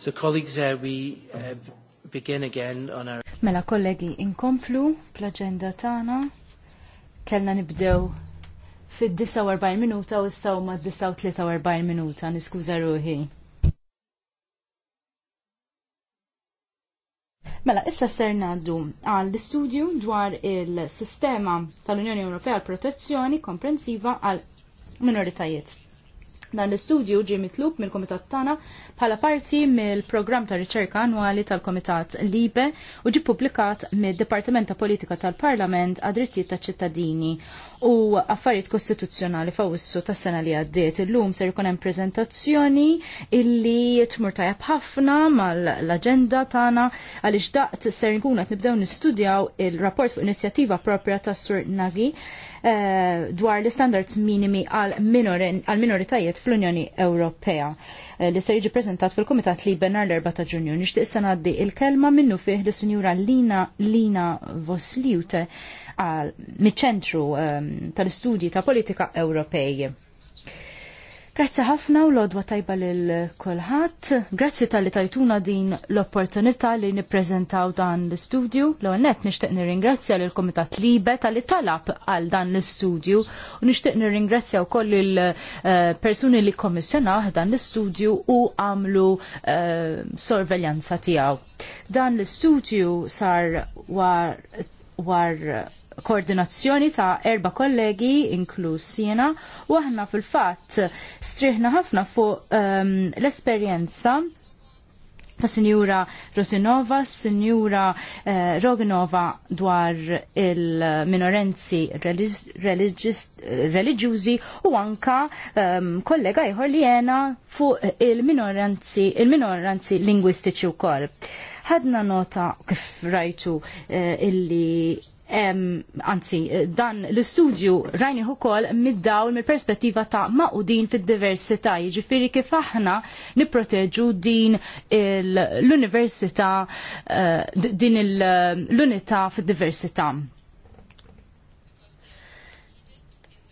So colleagues, uh, we uh, begin again on our... Mela kollegi, inkomplu pl agenda tana. Kellna nibdew fid-49 minuta u s-saw ma' 49 minuta, niskuża ruħi. Mela, issa ser naddu għall istudju dwar il-sistema tal-Unjoni Ewropea għal protezzjoni komprensiva għal minoritajiet. Dan l-istudju ġie mitlub mill-Komitat Tana bħala parti mill-programm ta' riċerka annwali tal-Komitat Libe u ġie publikat mid-Dipartiment ta' Politika tal-Parlament għad drittijiet ta' ċittadini u affarijiet kostituzzjonali fawissu tas sena li għaddiet. Illum ser ikun hemm preżentazzjoni illi tmur tajab ħafna mal-aġenda tagħna għaliex daqt ser nkun qed nibdew nistudjaw il-rapport fuq inizjattiva propja ta' Sur Nagi eh, dwar l-standards minimi għal-minoritajiet l-affarijiet fl-Unjoni Ewropea eh, li se jiġi prezentat fil-Kumitat Liben l-4 ta' Ġunju. Nixtieq se ngħaddi il-kelma minnu fih li sinjura Lina Lina Vosliute miċ-ċentru ehm, tal-istudji ta' politika Ewropej. Grazzi ħafna u l-odwa tajba lil kulħadd. Grazzi tal-li tajtuna din l-opportunità li nippreżentaw dan l-istudju. L-għon net nixtieq nirringrazzja lil Komitat Libe tal-li talab għal dan l-istudju u nixtieq nirringrazzja wkoll il-persuni eh, li kommissjonaw dan l-istudju u għamlu eh, sorveljanza tiegħu. Dan l-istudju sar war koordinazzjoni ta' erba kollegi inkluż sina, u aħna fil-fatt striħna ħafna fuq um, l-esperjenza ta' Sinjura Rosinova, Sinjura eh, Roginova dwar il-minorenzi religjużi u anka um, kollega jħor li jena fuq il-minoranzi il lingwistiċi u kol. Ħadna nota kif rajtu eh, illi anzi, dan l-istudju rajni ukoll mid-dawl mill-perspettiva ta' maqudin fid-diversità, jiġifieri kif aħna nipproteġu din l-università eh, din l-unità fid-diversità.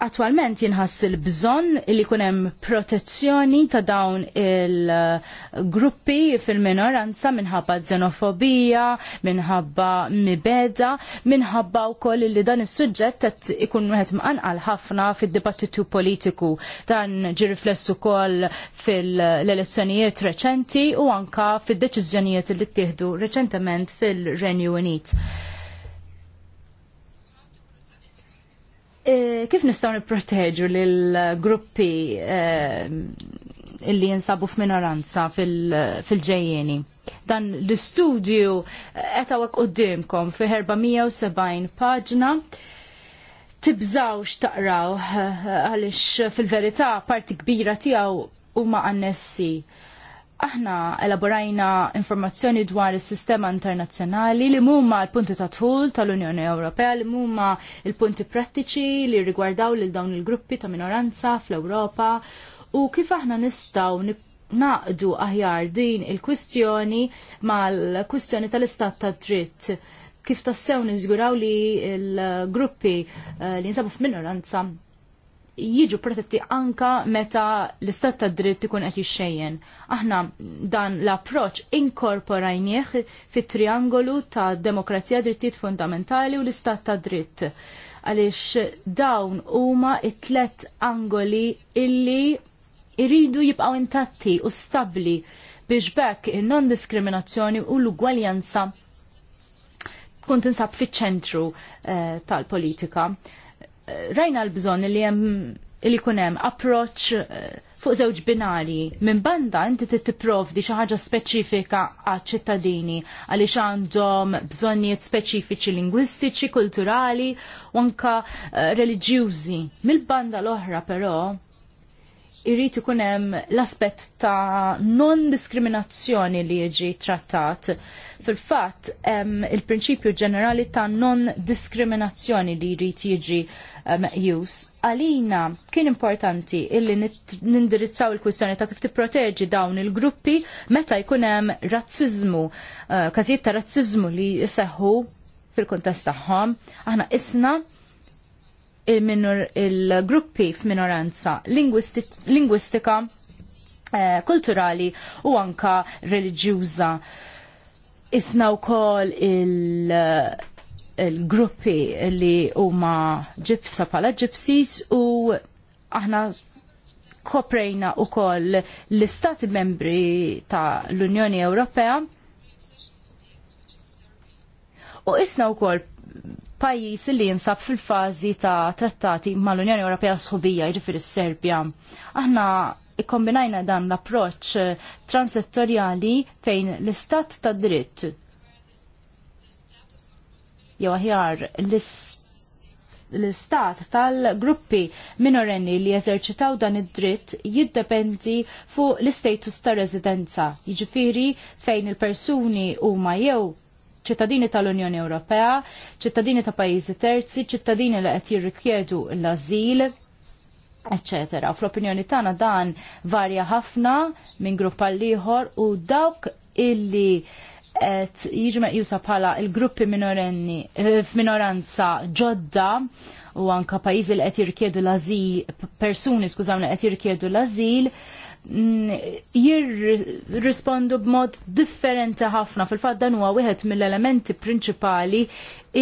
Attualment jinħass il-bżon li kunem protezzjoni ta' dawn il-gruppi fil-minoranza minħabba xenofobija, minħabba mibeda, minħabba u koll li dan is suġġett qed ikun wieħed mqanqal ħafna fid-dibattitu politiku. Dan ġi riflessu koll fil-elezzjonijiet reċenti u anka fid-deċiżjonijiet li ttieħdu reċentement fil-Renju Unit Eh, kif nistgħu nipproteġu lil gruppi eh, illi jinsabu f'minoranza fil-ġejjeni. Dan l-istudju eh, hawnhekk qoddimkom fi 470 paġna tibżawx taqraw għaliex fil-verità parti kbira tiegħu huma annessi aħna elaborajna informazzjoni dwar is-sistema internazzjonali li huma l-punti ta' tħul tal-Unjoni Ewropea li huma l-punti prattiċi li rigwardaw lil dawn il-gruppi ta' minoranza fl-Ewropa u kif aħna nistgħu naqdu aħjar din il-kwistjoni mal-kwistjoni tal-istat ta' dritt kif tassew niżguraw li l-gruppi eh, li nsabu f'minoranza jiġu protetti anka meta l-istat ta' dritt ikun qed jixxejjen. Aħna dan l-approċ inkorporajnieh fit-triangolu ta' demokrazija drittijiet fundamentali u l-istat ta' dritt għaliex dawn huma it-tlet angoli illi iridu jibqaw intatti u stabli biex bekk il-non-diskriminazzjoni u l-ugwaljanza tkun tinsab fiċ-ċentru eh, tal-politika rajna l-bżon li jem li kunem approċ eh, fuq żewġ binari. Minn banda inti tipprovdi xi ħaġa speċifika għal ċittadini għaliex għandhom bżonnijiet speċifiċi lingwistiċi, kulturali u anka eh, reliġjużi. Mill-banda l-oħra però irrit ikun hemm l-aspett ta' non-diskriminazzjoni li jiġi trattat Fil-fatt, il-prinċipju ġenerali ta' non-diskriminazzjoni li jrid jiġi meqjus. Għalina kien importanti illi nindirizzaw il-kwistjoni ta' kif tipproteġi dawn il-gruppi meta jkun hemm razziżmu, eh, każijiet ta' razziżmu li jseħħu fil-kuntest tagħhom. Aħna isna il-gruppi f'minoranza lingwistika, eh, kulturali u anka reliġjuża Isna wkoll il- eh, il-gruppi li huma ġipsa pala ġipsis u aħna koprejna u koll l-istati membri ta' l-Unjoni Ewropea u isna u koll pajis li jinsab fil-fazi ta' trattati ma' l-Unjoni Ewropea sħubija ġifir s-Serbja. Aħna ikkombinajna dan l-approċ eh, transettorjali fejn l-istat ta' dritt jew aħjar l-istat tal-gruppi minorenni li jeżerċitaw dan id-dritt jiddependi fuq l-istatus ta' residenza, jiġifieri fejn il-persuni huma jew ċittadini tal-Unjoni Ewropea, ċittadini ta' pajjiżi terzi, ċittadini li qed jirrikjedu l-azil, eccetera. Fl-opinjoni tagħna dan varja ħafna minn grupp għal ieħor u dawk illi qed jiġu meqjusa bħala il-gruppi minorenni eh, f'minoranza ġodda u anka pajjiżi li qed jirkiedu l-azil persuni skużawni qed jirkiedu l-azil mm, jirrispondu b'mod differenti ħafna fil-fatt dan huwa wieħed mill-elementi prinċipali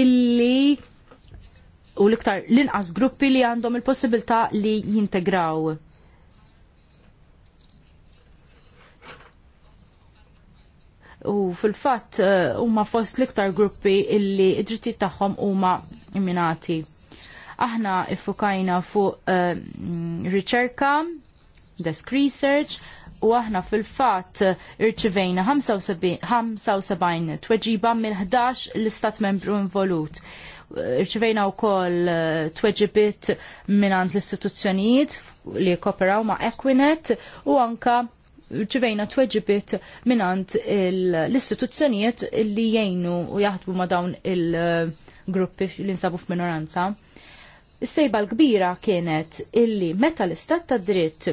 illi u l-iktar l-inqas gruppi li għandhom il-possibilità li jintegraw. u fil-fatt eh, huma uh, fost l-iktar gruppi illi id-drittijiet tagħhom huma imminati. Aħna iffukajna fuq uh, riċerka, desk research, u aħna fil-fatt irċivejna 75 tweġiba mill-11 l-istat membru involut. Irċivejna wkoll eh, tweġibiet minant l-istituzzjonijiet li kooperaw ma' Equinet u anka ċivejna tweġibit minant l-istituzzjonijiet li jgħinu u jaħdmu ma dawn il-gruppi li nsabu f'minoranza. Is-sejba l-kbira kienet illi meta l-istat ta' dritt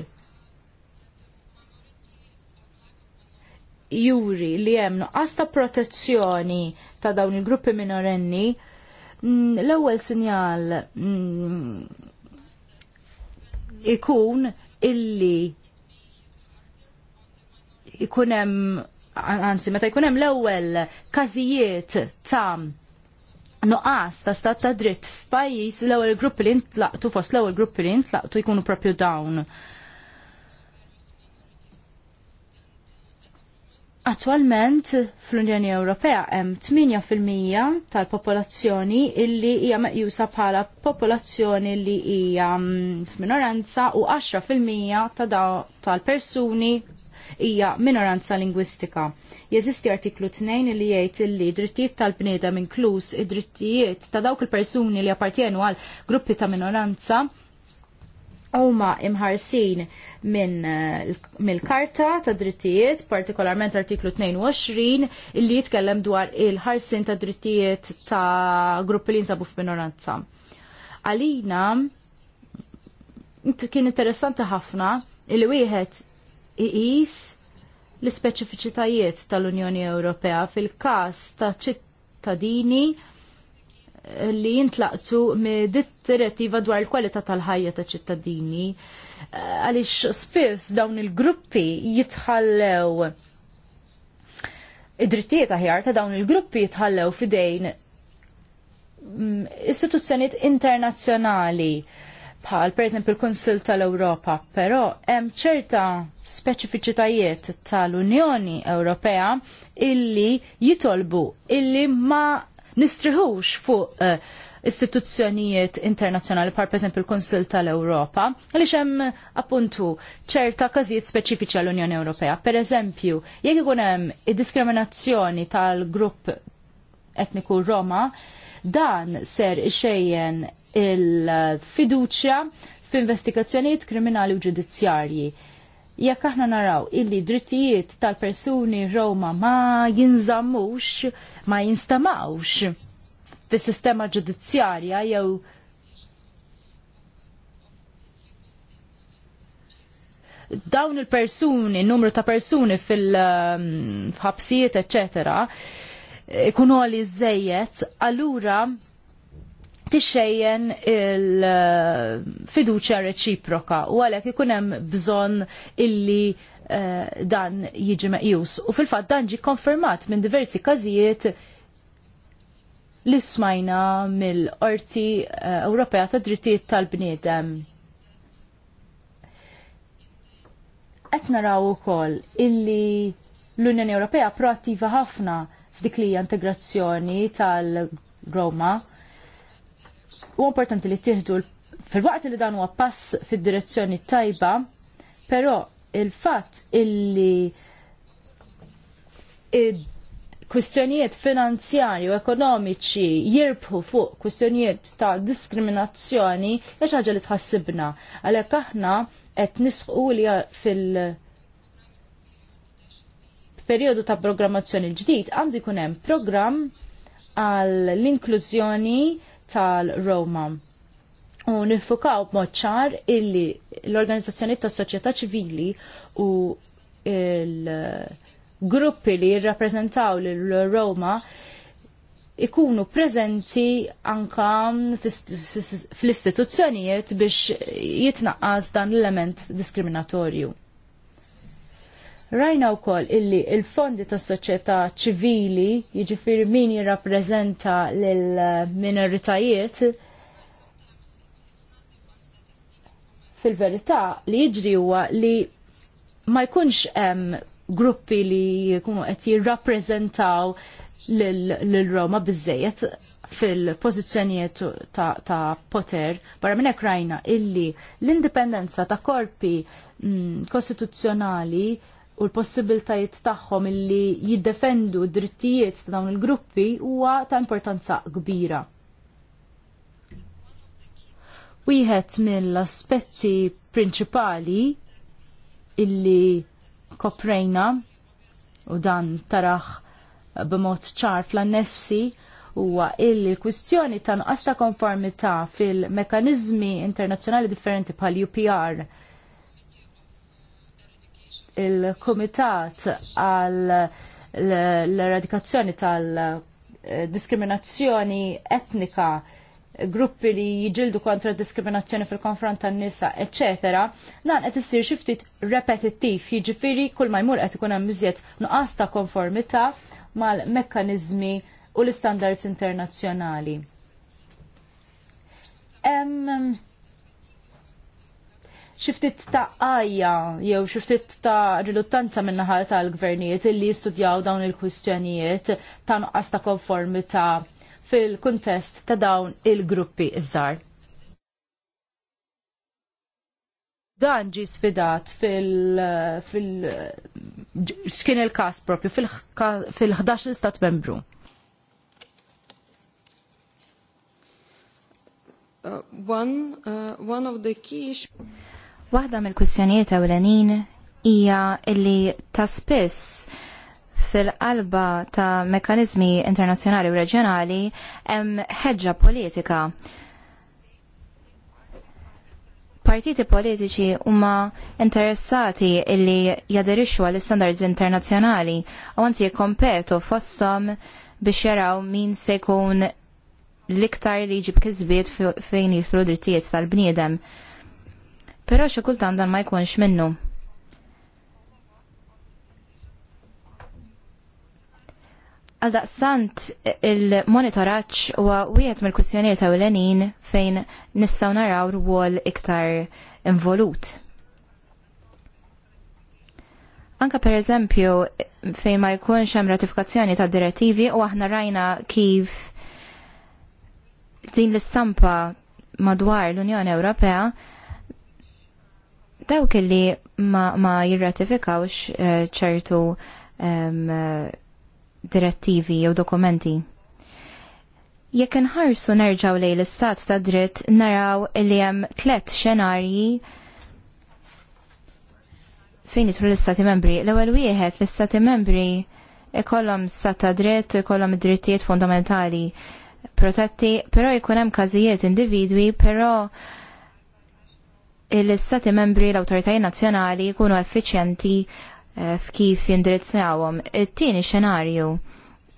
juri li hemm nuqqas ta' protezzjoni ta' dawn il-gruppi minorenni Mm, l-ewwel sinjal mm, ikun illi ikun hemm anzi, meta jkun hemm l ewwel każijiet ta' nuqqas ta' stat ta' dritt f'pajjiż l ewwel grupp li intlaqtu fost l ewwel gruppi li ntlaqtu jkunu propju dawn. Attualment fl-Unjoni Ewropea hemm 8% tal-popolazzjoni illi hija meqjusa bħala popolazzjoni li hija mm, f'minoranza u 10% ta' tal-persuni hija minoranza lingwistika. Jeżisti artiklu 2 illi jgħid illi drittijiet tal-bniedem inkluż id-drittijiet ta' dawk il-persuni li appartjenu għal gruppi ta' minoranza huma imħarsin minn eh, mill-karta ta' drittijiet, partikolarment artiklu 22, illi jitkellem dwar il-ħarsin ta' drittijiet ta' gruppi li nsabu f'minoranza. Għalina, kien interessanti ħafna illi wieħed iqis l-speċifiċitajiet tal-Unjoni Ewropea fil-każ ta' ċittadini li jintlaqtu mid-direttiva dwar il-kwalità tal-ħajja ta' ċittadini eh, għaliex spiss dawn il-gruppi jitħallew id-drittijiet aħjar ta' dawn il-gruppi jitħallew fidejn mm, istituzzjonijiet internazzjonali bħal per eżempju il-Konsil tal-Europa, però hemm ċerta speċifiċitajiet tal-Unjoni Ewropea illi jitolbu illi ma nistriħux fuq eh, istituzzjonijiet internazzjonali par peżempju l-Konsil tal-Ewropa għaliex hemm appuntu ċerta każijiet speċifiċi għall-Unjoni Ewropea. Per eżempju, jekk ikun hemm id-diskriminazzjoni tal-grupp etniku Roma, dan ser ixejjen il-fiduċja f'investigazzjonijiet kriminali u ġudizzjarji jekk aħna naraw illi drittijiet tal-persuni Roma ma jinżammux, ma jinstamawx fis-sistema ġudizzjarja jew dawn il-persuni, numru ta' persuni fil-ħabsijiet, um, eccetera, ikunu għalli zzejiet, allura tixejjen il-fiduċa reċiproka u għalek ikunem bżon illi uh, dan jiġi meqjus. U fil-fat dan ġi konfermat minn diversi kazijiet li smajna mill-Orti uh, eh, Ewropea ta' drittijiet tal-bniedem. Qed naraw ukoll illi l-Unjoni Ewropea proattiva ħafna f'dik li integrazzjoni tal-Roma u importanti li tieħdu fil-waqt li dan huwa pass fid-direzzjoni tajba, però il-fatt illi kwistjonijiet finanzjarji u ekonomiċi jirbħu fuq kwistjonijiet ta' diskriminazzjoni hija ħaġa li tħassibna. Għalhekk aħna qed nisqu li fil- periodu ta' programmazzjoni l-ġdid għandu jkun hemm programm għall inklużjoni tal-Roma. U nifukaw b'mod ċar illi l-organizzazzjoni tas soċjetà ċivili u il-gruppi li jirrappreżentaw l-Roma ikunu prezenti anka fl-istituzzjonijiet biex jitnaqqas dan l-element diskriminatorju. Rajna wkoll illi il-fondi tas soċjetà ċivili, jiġifieri min jirrappreżenta l minoritajiet fil-verità li jiġri huwa li ma jkunx hemm gruppi li jkunu qed jirrappreżentaw lil-Roma biżejjed fil pożizzjonijiet ta', ta poter, barra minn rajna illi l-indipendenza ta' korpi mm, kostituzzjonali u l-possibiltajiet tagħhom illi jiddefendu d-drittijiet ta' dawn il-gruppi huwa ta' importanza kbira. Wieħed mill-aspetti prinċipali illi koprejna u dan taraħ b'mod ċar fl-annessi huwa l kwistjoni ta' nuqqas ta' konformità fil-mekanizmi internazzjonali differenti bħal UPR il-Kumitat għal l-eradikazzjoni tal-diskriminazzjoni etnika gruppi li jġildu kontra diskriminazzjoni fil-konfront tan nisa etc. Dan qed issir xi ftit repetittiv, jiġifieri kull ma jmur qed ikun hemm iżjed nuqqas ta' konformità mal-mekkaniżmi u l-istandards internazzjonali xiftit ta' għajja jew xiftit ta' riluttanza ta' tal-gvernijiet illi jistudjaw dawn il-kwistjonijiet ta' nuqqas ta' konformita fil-kuntest ta' dawn il-gruppi iżżar. Dan ġi sfidat fil-, fil xkien il-kas propju fil-11 stat membru. Uh, one, uh, one of the key issues Waħda mill-kwistjonijiet ewlenin hija illi ta' spiss fil-qalba ta' mekanizmi internazzjonali u reġjonali hemm ħeġġa politika. Partiti politiċi huma interessati illi jaderixxu għall standards internazzjonali u anzi jikkompetu fosthom biex jaraw min se jkun l-iktar li jġib kisbiet fejn jifru drittijiet tal-bniedem. Però xi kultant dan ma jkunx minnu. Għaldaqstant il-monitoraċ huwa wieħed mill-kwistjonijiet enin fejn nistgħu naraw rwol iktar involut. Anka per eżempju fejn ma jkunx hemm ratifikazzjoni ta' direttivi u aħna rajna kif din l-istampa madwar l-Unjoni Ewropea dawk li ma, ma jirratifikawx eh, ċertu um, direttivi jew dokumenti. Jekk inħarsu nerġaw lejn l-istat ta' dritt naraw li hemm tliet xenarji fejn jitru l-istati membri. L-ewwel wieħed l-istati membri ikollhom stat ta' dritt, u ikollhom drittijiet fundamentali protetti, però jkun hemm każijiet individwi, però l-istati membri l-autoritajiet nazzjonali jkunu effiċjenti eh, f'kif jindirizzawhom. It-tieni xenarju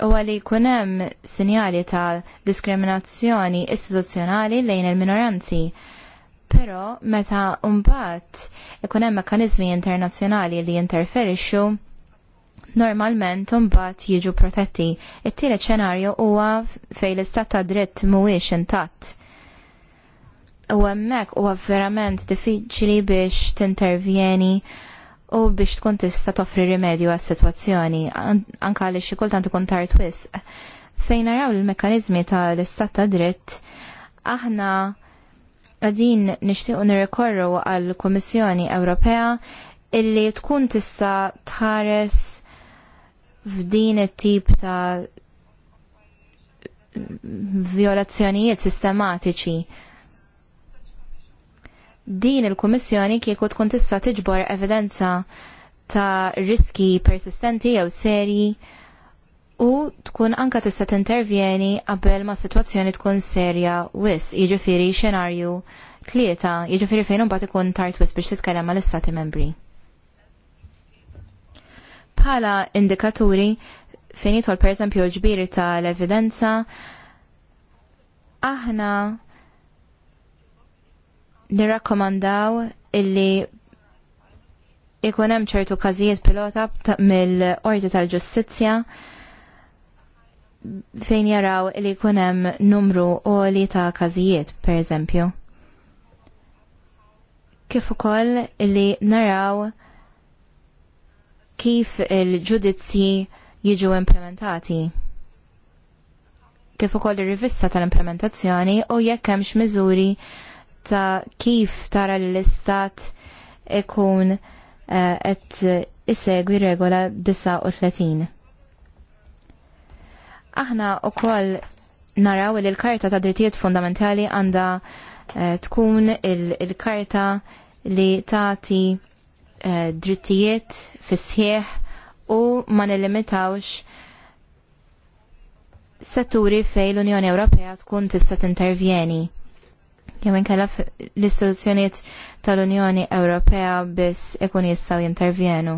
huwa li jkun hemm sinjali ta' diskriminazzjoni istituzzjonali lejn il-minoranzi. Però meta mbagħad ikun hemm mekkaniżmi internazzjonali li jinterferixxu, normalment mbagħad jiġu protetti. it tieni xenarju huwa fejn l-istat ta' dritt mhuwiex intatt u hemmhekk huwa verament diffiċli biex t-intervjeni u biex tkun tista' toffri rimedju għas-sitwazzjoni anke li xi kultant ikun tar wisq. Fejn naraw il-mekkaniżmi tal-istat ta' dritt aħna għadin nixtiequ nirrikorru għall-Kummissjoni Ewropea illi tkun tista' tħares f'din it-tip ta' violazzjonijiet sistematiċi din il-Kummissjoni kieku tkun tista' tiġbor evidenza ta' riski persistenti jew serji u tkun anka tista' tintervjeni qabel ma' sitwazzjoni tkun serja wis, jiġifieri xenarju tlieta, jiġifieri fejn imbagħad ikun tard wis biex titkellem mal-istati membri. Bħala indikaturi fejn jidħol pereżempju l-ġbiri tal-evidenza aħna nirrakkomandaw illi ikun hemm ċertu każijiet pilota mill-Qorti tal-Ġustizzja fejn jaraw li jkun hemm numru li ta' każijiet, pereżempju. Kif ukoll li naraw kif il-ġudizzji jiġu implementati kif ukoll ir-rivista tal-implementazzjoni u jekk hemmx miżuri ta' kif tara l-istat ikun eh, qed isegwi regola 39. Aħna wkoll naraw li l-Karta ta' Drittijiet Fundamentali għandha eh, tkun il-karta li tagħti eh, drittijiet fis u ma nillimitawx setturi fejn l-Unjoni Ewropea tkun tista' tintervjeni Kemm inkella l-istituzzjonijiet tal-Unjoni Ewropea biss ikun jistgħu jintervjenu.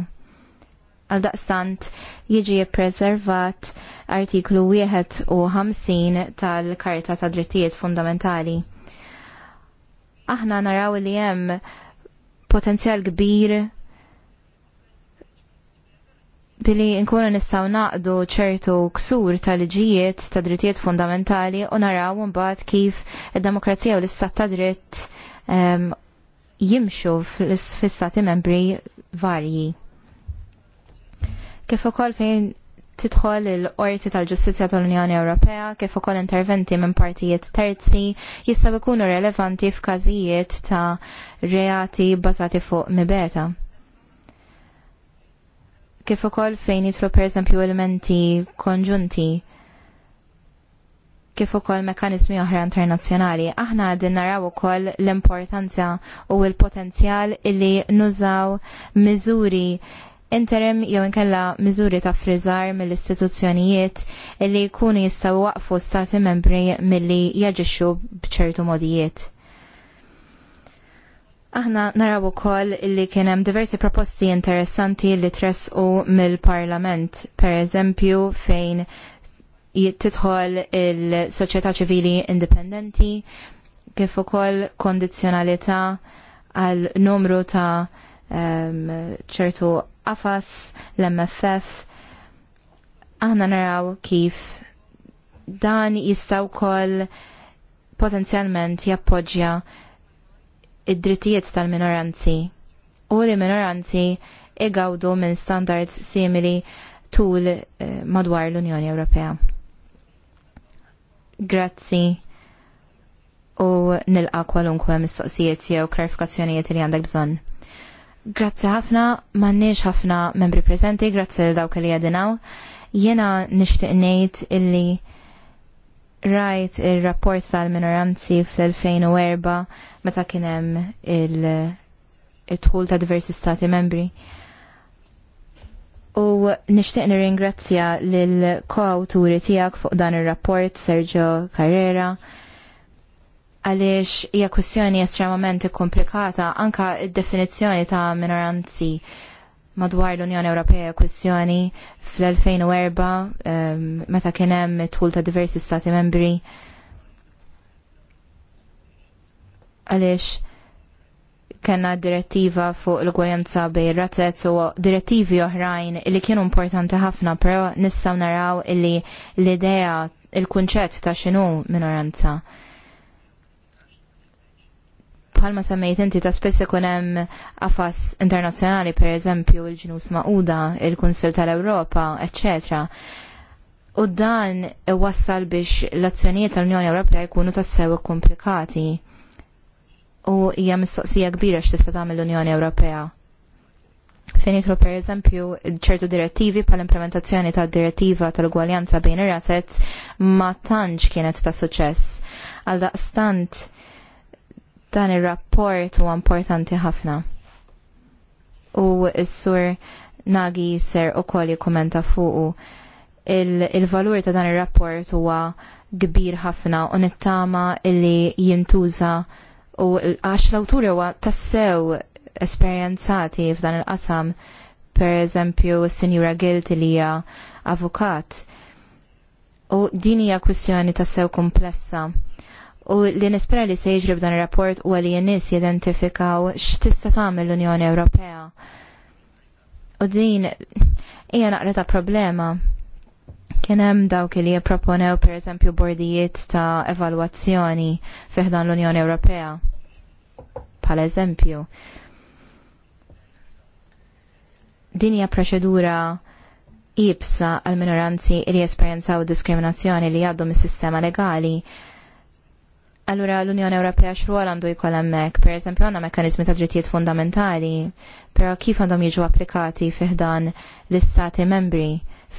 Għal daqstant jiġi preservat artiklu 51 tal-Karta ta' Drittijiet Fundamentali. Aħna naraw li hemm potenzjal kbir billi nkunu nistgħu naqdu ċertu ksur tal-liġijiet ta' drittijiet fundamentali u naraw mbagħad kif id-demokrazija u l-istat ta' dritt um, jimxu fil stati membri varji. Kif ukoll fejn tidħol il-qorti tal-ġustizja tal-Unjoni Ewropea kif ukoll interventi minn partijiet terzi jistgħu jkunu relevanti f'każijiet ta' reati bbażati fuq mibeta kif ukoll fejn jitru pereżempju elementi konġunti kif ukoll mekkaniżmi oħra internazzjonali. Aħna għadin naraw ukoll l-importanza u l-potenzjal illi nużaw miżuri interim jew inkella miżuri ta' friżar mill-istituzzjonijiet illi jkunu jistgħu waqfu stati membri milli jaġixxu b'ċertu modijiet. Aħna naraw ukoll li kien hemm diversi proposti interessanti li tresqu mill-Parlament, per eżempju fejn jittidħol il-soċjetà ċivili indipendenti kif ukoll kondizzjonalità għal numru ta' ehm, ċertu afas, qafas l-MFF aħna naraw kif dan jistaw kol potenzjalment jappoġġja id-drittijiet tal-minoranzi u li minoranzi igawdu minn standards simili tul eh, madwar l-Unjoni Ewropea. Grazzi u nilqa kwalunkwe mistoqsijiet jew klarifikazzjonijiet li għandek bżonn. Grazzi ħafna, m'għandniex ħafna membri preżenti, grazzi l dawk li għadinaw. Jena nixtieq ngħid illi rajt il-rapport tal-minoranzi fl-2004 meta kien hemm il-tħul ta' diversi stati membri. U nishtiq nirringrazzja lil ko-awturi tiegħek fuq dan ir-rapport Sergio Carrera għaliex hija kwestjoni estremament komplikata anka id-definizzjoni ta' minoranzi madwar l-Unjoni Ewropea kwistjoni fl-2004 um, meta kien hemm it-tul ta' diversi stati membri għaliex kena direttiva fuq l-gwajanza bej ratet u direttivi oħrajn li kienu importanti ħafna, pero nissa naraw illi l-idea, il-kunċett ta' xinu minoranza bħalma semmejt inti ta' spess ikun hemm affas internazzjonali pereżempju il-ġnus Magħquda, il-Kunsill tal-Ewropa, etc. U dan iwassal biex l-azzjonijiet tal-Unjoni Ewropea jkunu tassew komplikati. U hija mistoqsija kbira x'tista' tagħmel l-Unjoni Ewropea. Fejn jitru per eżempju ċertu direttivi pal implementazzjoni ta' direttiva tal-ugwaljanza bejn ir-ratet ma tantx kienet ta' suċess. Għal daqstant, Dan ir-rapport huwa importanti ħafna. U s-sur Nagi ser ukoll jikkumenta fuqu il-valur ta' dan ir-rapport huwa kbir ħafna u nittama illi jintuża u għax l-awtur huwa tassew esperjenzati f'dan il-qasam per eżempju s-Sinjura Gilt li hija avukat. U din hija kwistjoni tassew komplessa u li nispera li se jiġri b'dan ir-rapport u li n-nies jidentifikaw x'tista' tagħmel l-Unjoni Ewropea. U din hija naqra ta' problema. Kien hemm dawk li jipproponew pereżempju bordijiet ta' evalwazzjoni fih dan l-Unjoni Ewropea. Pal eżempju. Din hija proċedura jibsa għal minoranzi li jesperjenzaw diskriminazzjoni li għaddu mis-sistema legali Allura l-Unjoni Ewropea x'rwol għandu jkoll hemmhekk, pereżempju għandna mekkaniżmi ta' drittijiet fundamentali, però kif għandhom jiġu applikati fih dan l-istati membri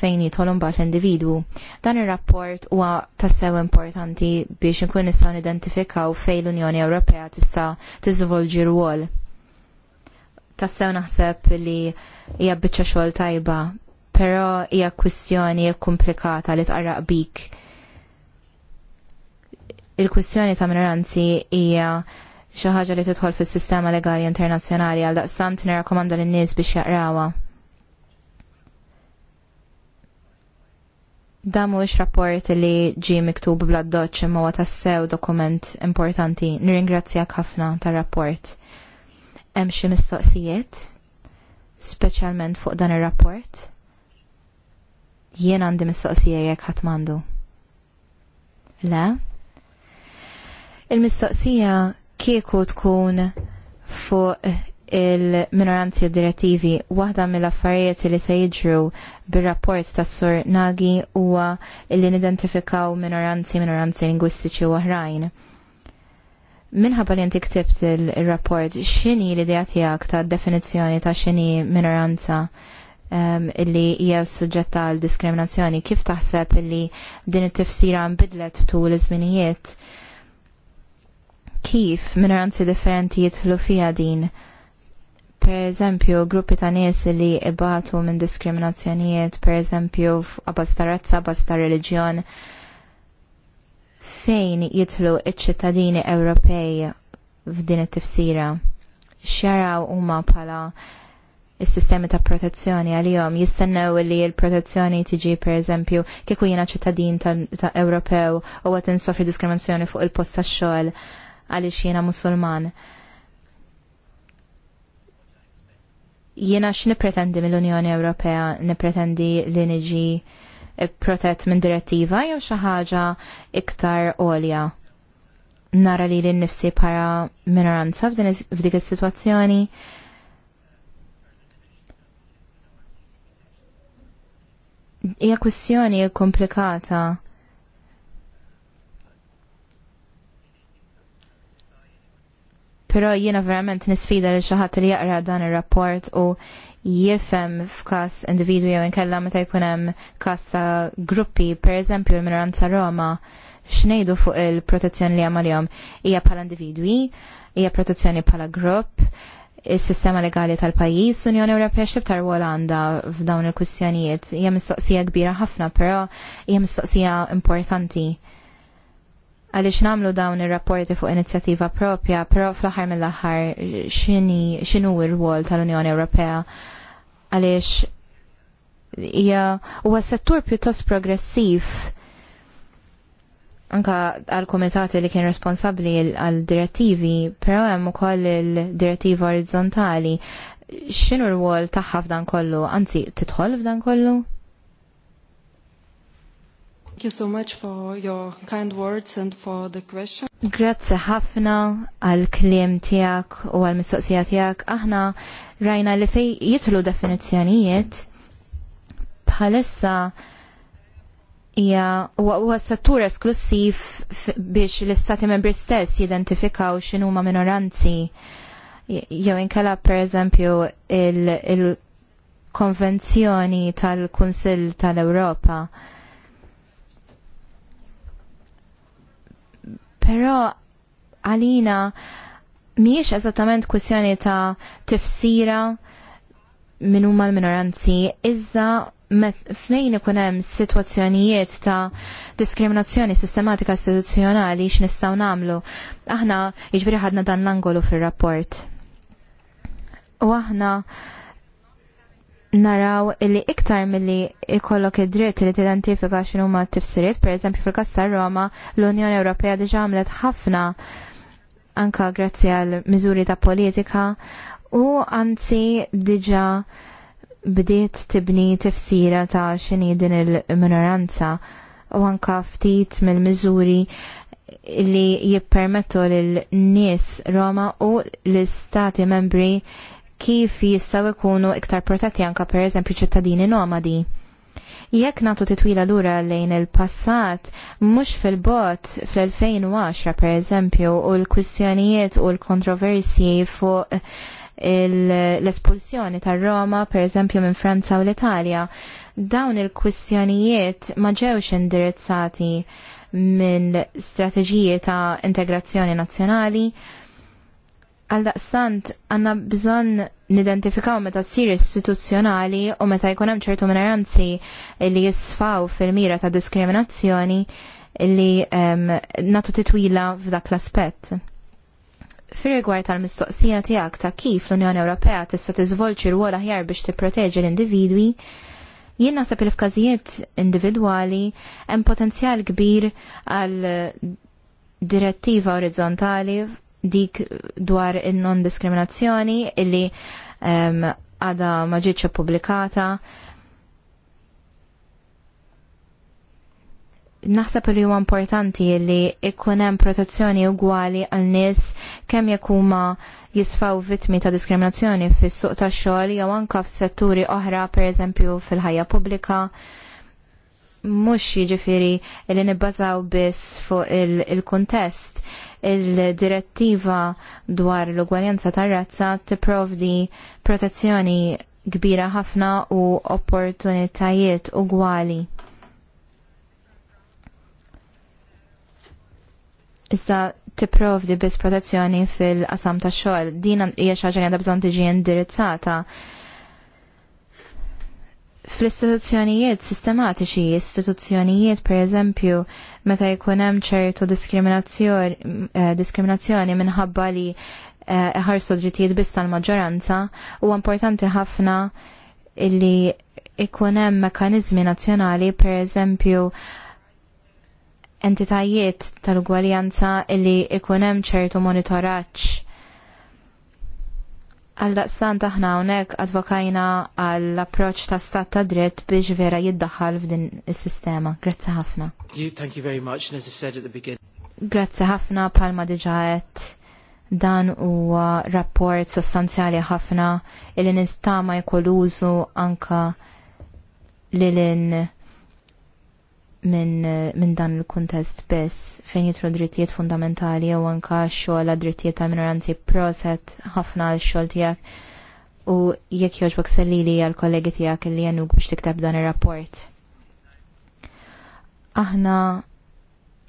fejn jitolhom bat l-individwu. Dan ir-rapport huwa tassew importanti biex inkun nistgħu nidentifikaw fejn l-Unjoni Ewropea tista' tiżvolġi rwol. Tassew naħseb li hija biċċa xogħol tajba, però hija kwistjoni komplikata li tqarraq bik il-kwistjoni ta' minoranzi hija xi ħaġa li tidħol fis-sistema legali internazzjonali għal daqstant nirrakkomanda lin nies biex jaqrawha. Dan mhuwiex rapport li ġie miktub bla doċ imma huwa tassew dokument importanti. Nirringrazzjak ħafna tar-rapport. Hemm xi mistoqsijiet speċjalment fuq dan ir-rapport. Jien għandi mistoqsija jekk ħadd m'għandu. Le? Il-mistoqsija kieku tkun fuq il-minoranzi direttivi waħda mill-affarijiet li se jiġru bir-rapport tas sur Nagi huwa li nidentifikaw minoranzi minoranzi lingwistiċi oħrajn. Minħabba li inti ktibt il-rapport, x'inhi l-idea tiegħek ta' definizzjoni ta' x'inhi minoranza um, illi hija suġġetta għal diskriminazzjoni, kif taħseb li din it-tifsira nbidlet tul iż-żminijiet? kif minoranzi differenti jidħlu fiha din. Pereżempju gruppi ta' nies li ibatu minn diskriminazzjonijiet, pereżempju eżempju ta' razza, abbas ta' reliġjon, fejn jidħlu iċ-ċittadini Ewropej f'din it-tifsira? Xjaraw huma bħala is-sistemi ta' protezzjoni għalihom jistennew li l-protezzjoni tiġi pereżempju kieku jiena ċittadin ta', ta Ewropew u għat insofri diskriminazzjoni fuq il-post tax-xogħol għaliex jena musulman. Jiena x'nippretendi mill-Unjoni Ewropea, nippretendi li niġi protett minn direttiva jew xi ħaġa iktar għolja. Nara li l-nifsi para minoranza f'dik is-sitwazzjoni. Hija kwistjoni komplikata Pero jiena verament nisfida li xaħat li jaqra dan il-rapport u jifem f'kas individwi jew inkella meta jkun hemm kas ta' gruppi, per eżempju minoranza Roma, xnejdu fuq il-protezzjoni li għalihom. hija bħala individwi, hija protezzjoni bħala grupp, il-sistema legali tal-pajis, Unjoni Ewropea xibtar għanda f'dawn il-kwistjonijiet. Hija mistoqsija kbira ħafna, però hija mistoqsija importanti għaliex namlu dawn ir-rapporti fuq inizjattiva propja, però fl-aħħar mill-aħħar x'inhi x'inhu r-rwol tal-Unjoni Ewropea għaliex hija huwa settur pjuttost progressiv anka għal komitati li kien responsabli għal direttivi, pero hemm ukoll il-direttiva orizzontali, x'inhu r-wol tagħha f'dan kollu, anzi tidħol f'dan kollu? Thank you so much for your kind words and for the question. Grazzi ħafna għal kliem tijak u għal mistoqsija tijak. Aħna rajna li fej jitlu definizjonijiet bħalissa hija huwa settur esklusiv biex l-istati membri stess jidentifikaw x'inhuma minoranzi jew inkella pereżempju il-konvenzjoni tal-Kunsill tal-Ewropa. tal kunsill tal ewropa Però għalina miex eżattament kwestjoni ta' tifsira minn huma l-minoranzi, iżda fejn ikun hemm sitwazzjonijiet ta' diskriminazzjoni sistematika istituzzjonali x'nistgħu nagħmlu. Aħna jiġri ħadna dan l-angolu fir-rapport. U aħna naraw li iktar milli ikollok id-dritt li t-identifika xinu ma t-tifsiriet, per eżempju fil-kas ta' Roma, l-Unjoni Ewropea diġa għamlet ħafna anka grazzi għal miżuri ta' politika u anzi diġa bdiet tibni tifsira ta' xini din il-minoranza u anka ftit mill-miżuri li jippermettu l-nies Roma u l-istati membri kif jistgħu jkunu iktar protetti anke pereżempju ċittadini nomadi jekk nagħtu titwila lura lejn il-passat, mhux fil-bot fl-2010 pereżempju u l-kwistjonijiet u l-kontroversji fuq l-espulsjoni tar Roma pereżempju minn Franza u l-Italja, dawn il-kwistjonijiet ma ġewx indirizzati minn strateġiji ta' integrazzjoni nazzjonali Għaldaqstant għandna bżonn nidentifikaw meta ssir istituzzjonali u meta jkun hemm ċertu minoranzi li jisfaw fil-mira ta' diskriminazzjoni li um, natu titwila f'dak l-aspett. fir rigward tal-mistoqsija tiegħek ta' kif l-Unjoni Ewropea tista' tiżvolġi rwol aħjar biex tipproteġi l-individwi, jien naħseb il-fkażijiet individwali hemm potenzjal kbir għal direttiva orizzontali dik dwar il-non-diskriminazzjoni illi għada um, ma ġietx naħseb li huwa importanti li ikun hemm protezzjoni ugwali għal nies kemm jekk huma jisfaw vittmi ta' diskriminazzjoni fis-suq tax-xogħol jew anke f'setturi oħra pereżempju fil-ħajja pubblika mhux jiġifieri li nibbażaw biss fuq il-kuntest. Il-direttiva dwar l-ugwaljanza tar-razza tipprovdi protezzjoni kbira ħafna u opportunitajiet ugwali. Issa tipprovdi biss protezzjoni fil-qasam tax xogħol. Din hija xi ħaġa li għandha bżonn tiġi indirizzata fl-istituzzjonijiet sistematiċi, istituzzjonijiet per eżempju, meta jkun hemm ċertu diskriminazzjoni eh, minħabba li eh, ħarsu drittijiet biss tal-maġġoranza, huwa importanti ħafna illi ikun hemm mekkaniżmi nazzjonali per eżempju entitajiet tal-ugwaljanza illi ikun hemm ċertu monitoraġġ Għal daqstan taħna unek advokajna għall approċ ta' stat ta' dritt biex vera jiddaħħal f'din is-sistema. Grazzi ħafna. Thank you very much, and as I said at the beginning. Grazzi ħafna palma diġaħet dan huwa rapport sostanzjali ħafna il nistama jkollu lil anka lilin minn min dan il-kuntest biss fejn jitru drittijiet fundamentali u anka xogħol drittijiet ta' minoranzi proset ħafna għal xogħol tiegħek u jekk jogħġbok sellili għal kollegi tiegħek li jenuk biex tikteb dan ir-rapport. Aħna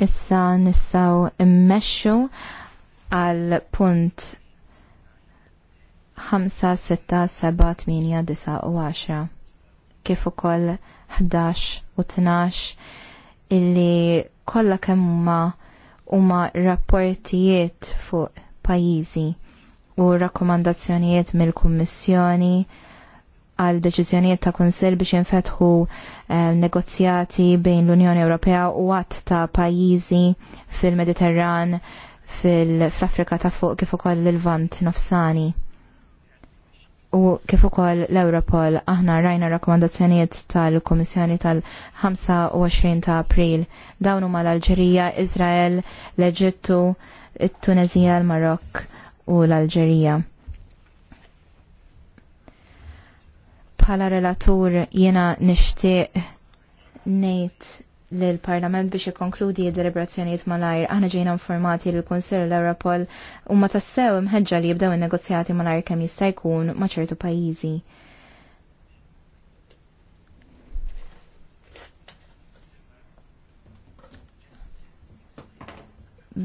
issa nistgħu immexxu għal punt 5, 6, 7, 8, 9 u 10 kif ukoll 11 u 12 illi kollha kemm huma rapportijiet fuq pajjiżi u rakkomandazzjonijiet mill-Kummissjoni għal deċiżjonijiet ta' Kunsill biex jinfetħu eh, negozjati bejn l-Unjoni Ewropea u għat ta' pajjiżi fil-Mediterran fil-Afrika ta' fuq kif ukoll il-Vant nofsani u kif ukoll l-Europol aħna rajna rakkomandazzjonijiet tal-Kummissjoni tal-25 ta' April dawn huma l-Alġerija, Izrael, l-Eġittu, it-Tunezija, l-Marokk u l-Alġerija. Bħala relatur jiena nixtieq ngħid l-Parlament biex ikonkludi id-deliberazzjonijiet malajr. Aħna ġejna informati li l kunsell l-Europol u ma tassew imħeġġa li jibdew in-negozjati malajr kemm jista' jkun ma' ċertu pajjiżi.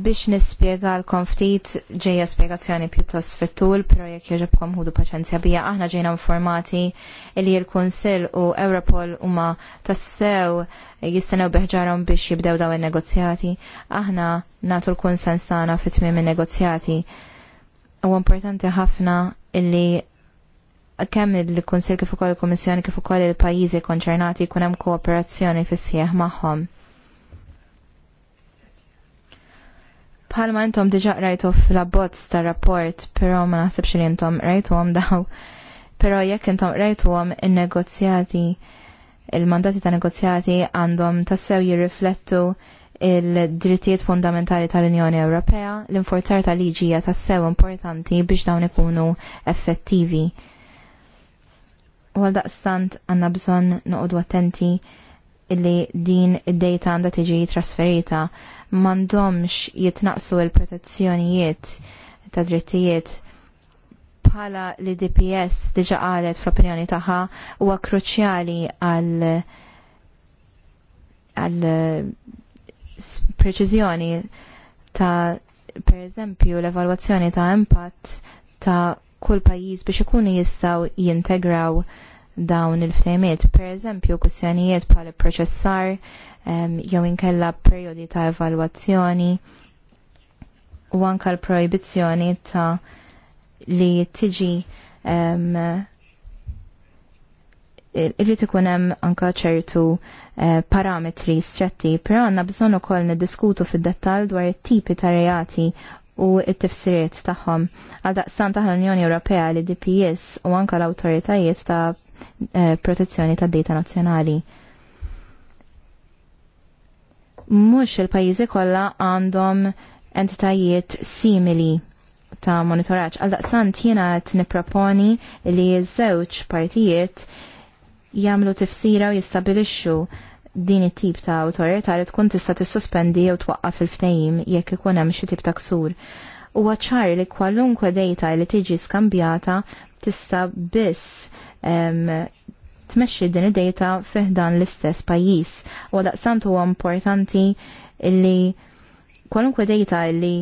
biex nispiega l-konftit ġeja spiegazzjoni pjuttost fit-tul, pero jekk ħudu paċenzja bija, aħna ġejna informati li l-Kunsil u Europol huma tassew jistenew biħġarhom biex jibdew daw il-negozjati. Aħna natu l-kunsens tagħna fit-tmiem il-negozjati. U importanti ħafna illi kemm il-Kunsil kif ukoll il-Kummissjoni kif ukoll il-pajjiżi konċernati jkun hemm kooperazzjoni fis-sieħ magħhom Bħalma intom diġa rajtu fl-abbozz tar rapport, però ma naħsibx li intom għom daw. Però jekk intom għom in-negozjati il-mandati ta' negozjati għandhom tassew jirriflettu il-drittijiet fundamentali tal-Unjoni Ewropea, l-inforzar ta' liġija tassew importanti biex dawn ikunu effettivi. Għal daqstant għanna bżon noqdu attenti illi din id-data għanda tiġi trasferita mandomx jitnaqsu il-protezzjonijiet ta' drittijiet bħala li DPS diġa qalet fl-opinjoni tagħha huwa kruċjali għal għal preċiżjoni ta' per eżempju l-evalwazzjoni ta' impatt ta' kull pajjiż biex ikunu jistgħu jintegraw dawn il-ftejmiet, per eżempju, kussjonijiet bħal proċessar um, jew inkella periodi ta' evalwazzjoni u anka l-proibizzjoni ta' li tiġi um, irrid ikun hemm anka ċertu eh, parametri stretti, però għandna bżonn ukoll niddiskutu fid-dettall dwar it-tipi ta' reati u t-tifsiriet tagħhom. Għal daqstan taħ l-Unjoni Ewropea li DPS u anka l-awtoritajiet ta' Eh, protezzjoni tad data nazzjonali. Mhux il-pajjiżi kollha għandhom entitajiet simili ta' monitoraġġ għal daqstant jiena qed nipproponi li ż-żewġ partijiet jagħmlu tifsira u jistabilixxu din it-tip ta' awtorità li tkun tista' tissospendi jew twaqqaf il-ftehim jekk ikun hemm xi tip ta' ksur. Huwa ċar li kwalunkwe data li tiġi skambjata tista' biss tmexxi din id-data fiħdan l-istess pajjiż. U daqsant huwa importanti illi kwalunkwe data illi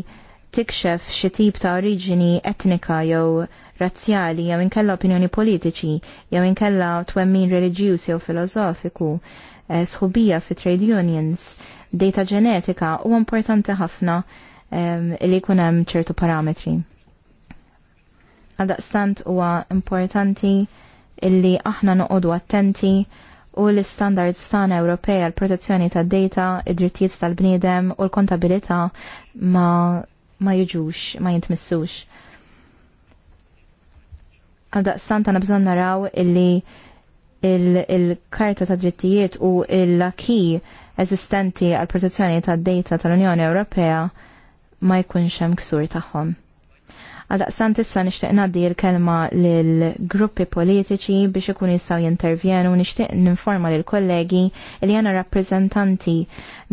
tikxef xi tip ta' oriġini etnika jew razzjali jew inkella opinjoni politiċi jew inkella twemmin reliġjuż jew filosofiku eh, sħubija fi trade unions, data ġenetika u importanti ħafna li jkun hemm ċertu parametri. Għaldaqstant huwa importanti illi aħna noqogħdu attenti u l-standards tagħna Ewropea għal protezzjoni tad data id-drittijiet tal-bniedem u l-kontabilità ma ma jiġux, ma jintmissux. Għal daqstant għana bżon naraw illi il-karta il ta' drittijiet u il-laki eżistenti għal protezzjoni ta' data tal-Unjoni Ewropea ma jkunx hemm ksur tagħhom. Għadaqsan tissa nixtieq ngħaddi l-kelma lill-gruppi politiċi biex ikun jistgħu jintervjenu nixtieq ninforma lill kollegi li jana rappreżentanti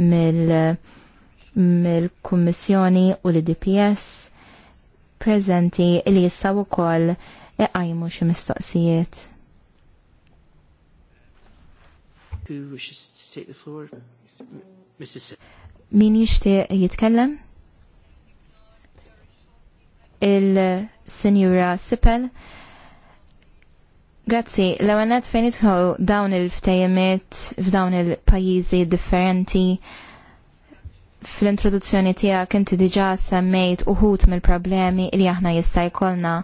mill-Kummissjoni u l-DPS preżenti li jistgħu wkoll iqajmu xi mistoqsijiet. Mrs. Min jixtieq jitkellem? il-Sinjura Sipel. Grazzi, l għanet fejn idħu dawn il-ftejemiet f'dawn il-pajizi differenti fl-introduzzjoni tiegħek inti diġà semmejt uħut mill-problemi li aħna jista' jkollna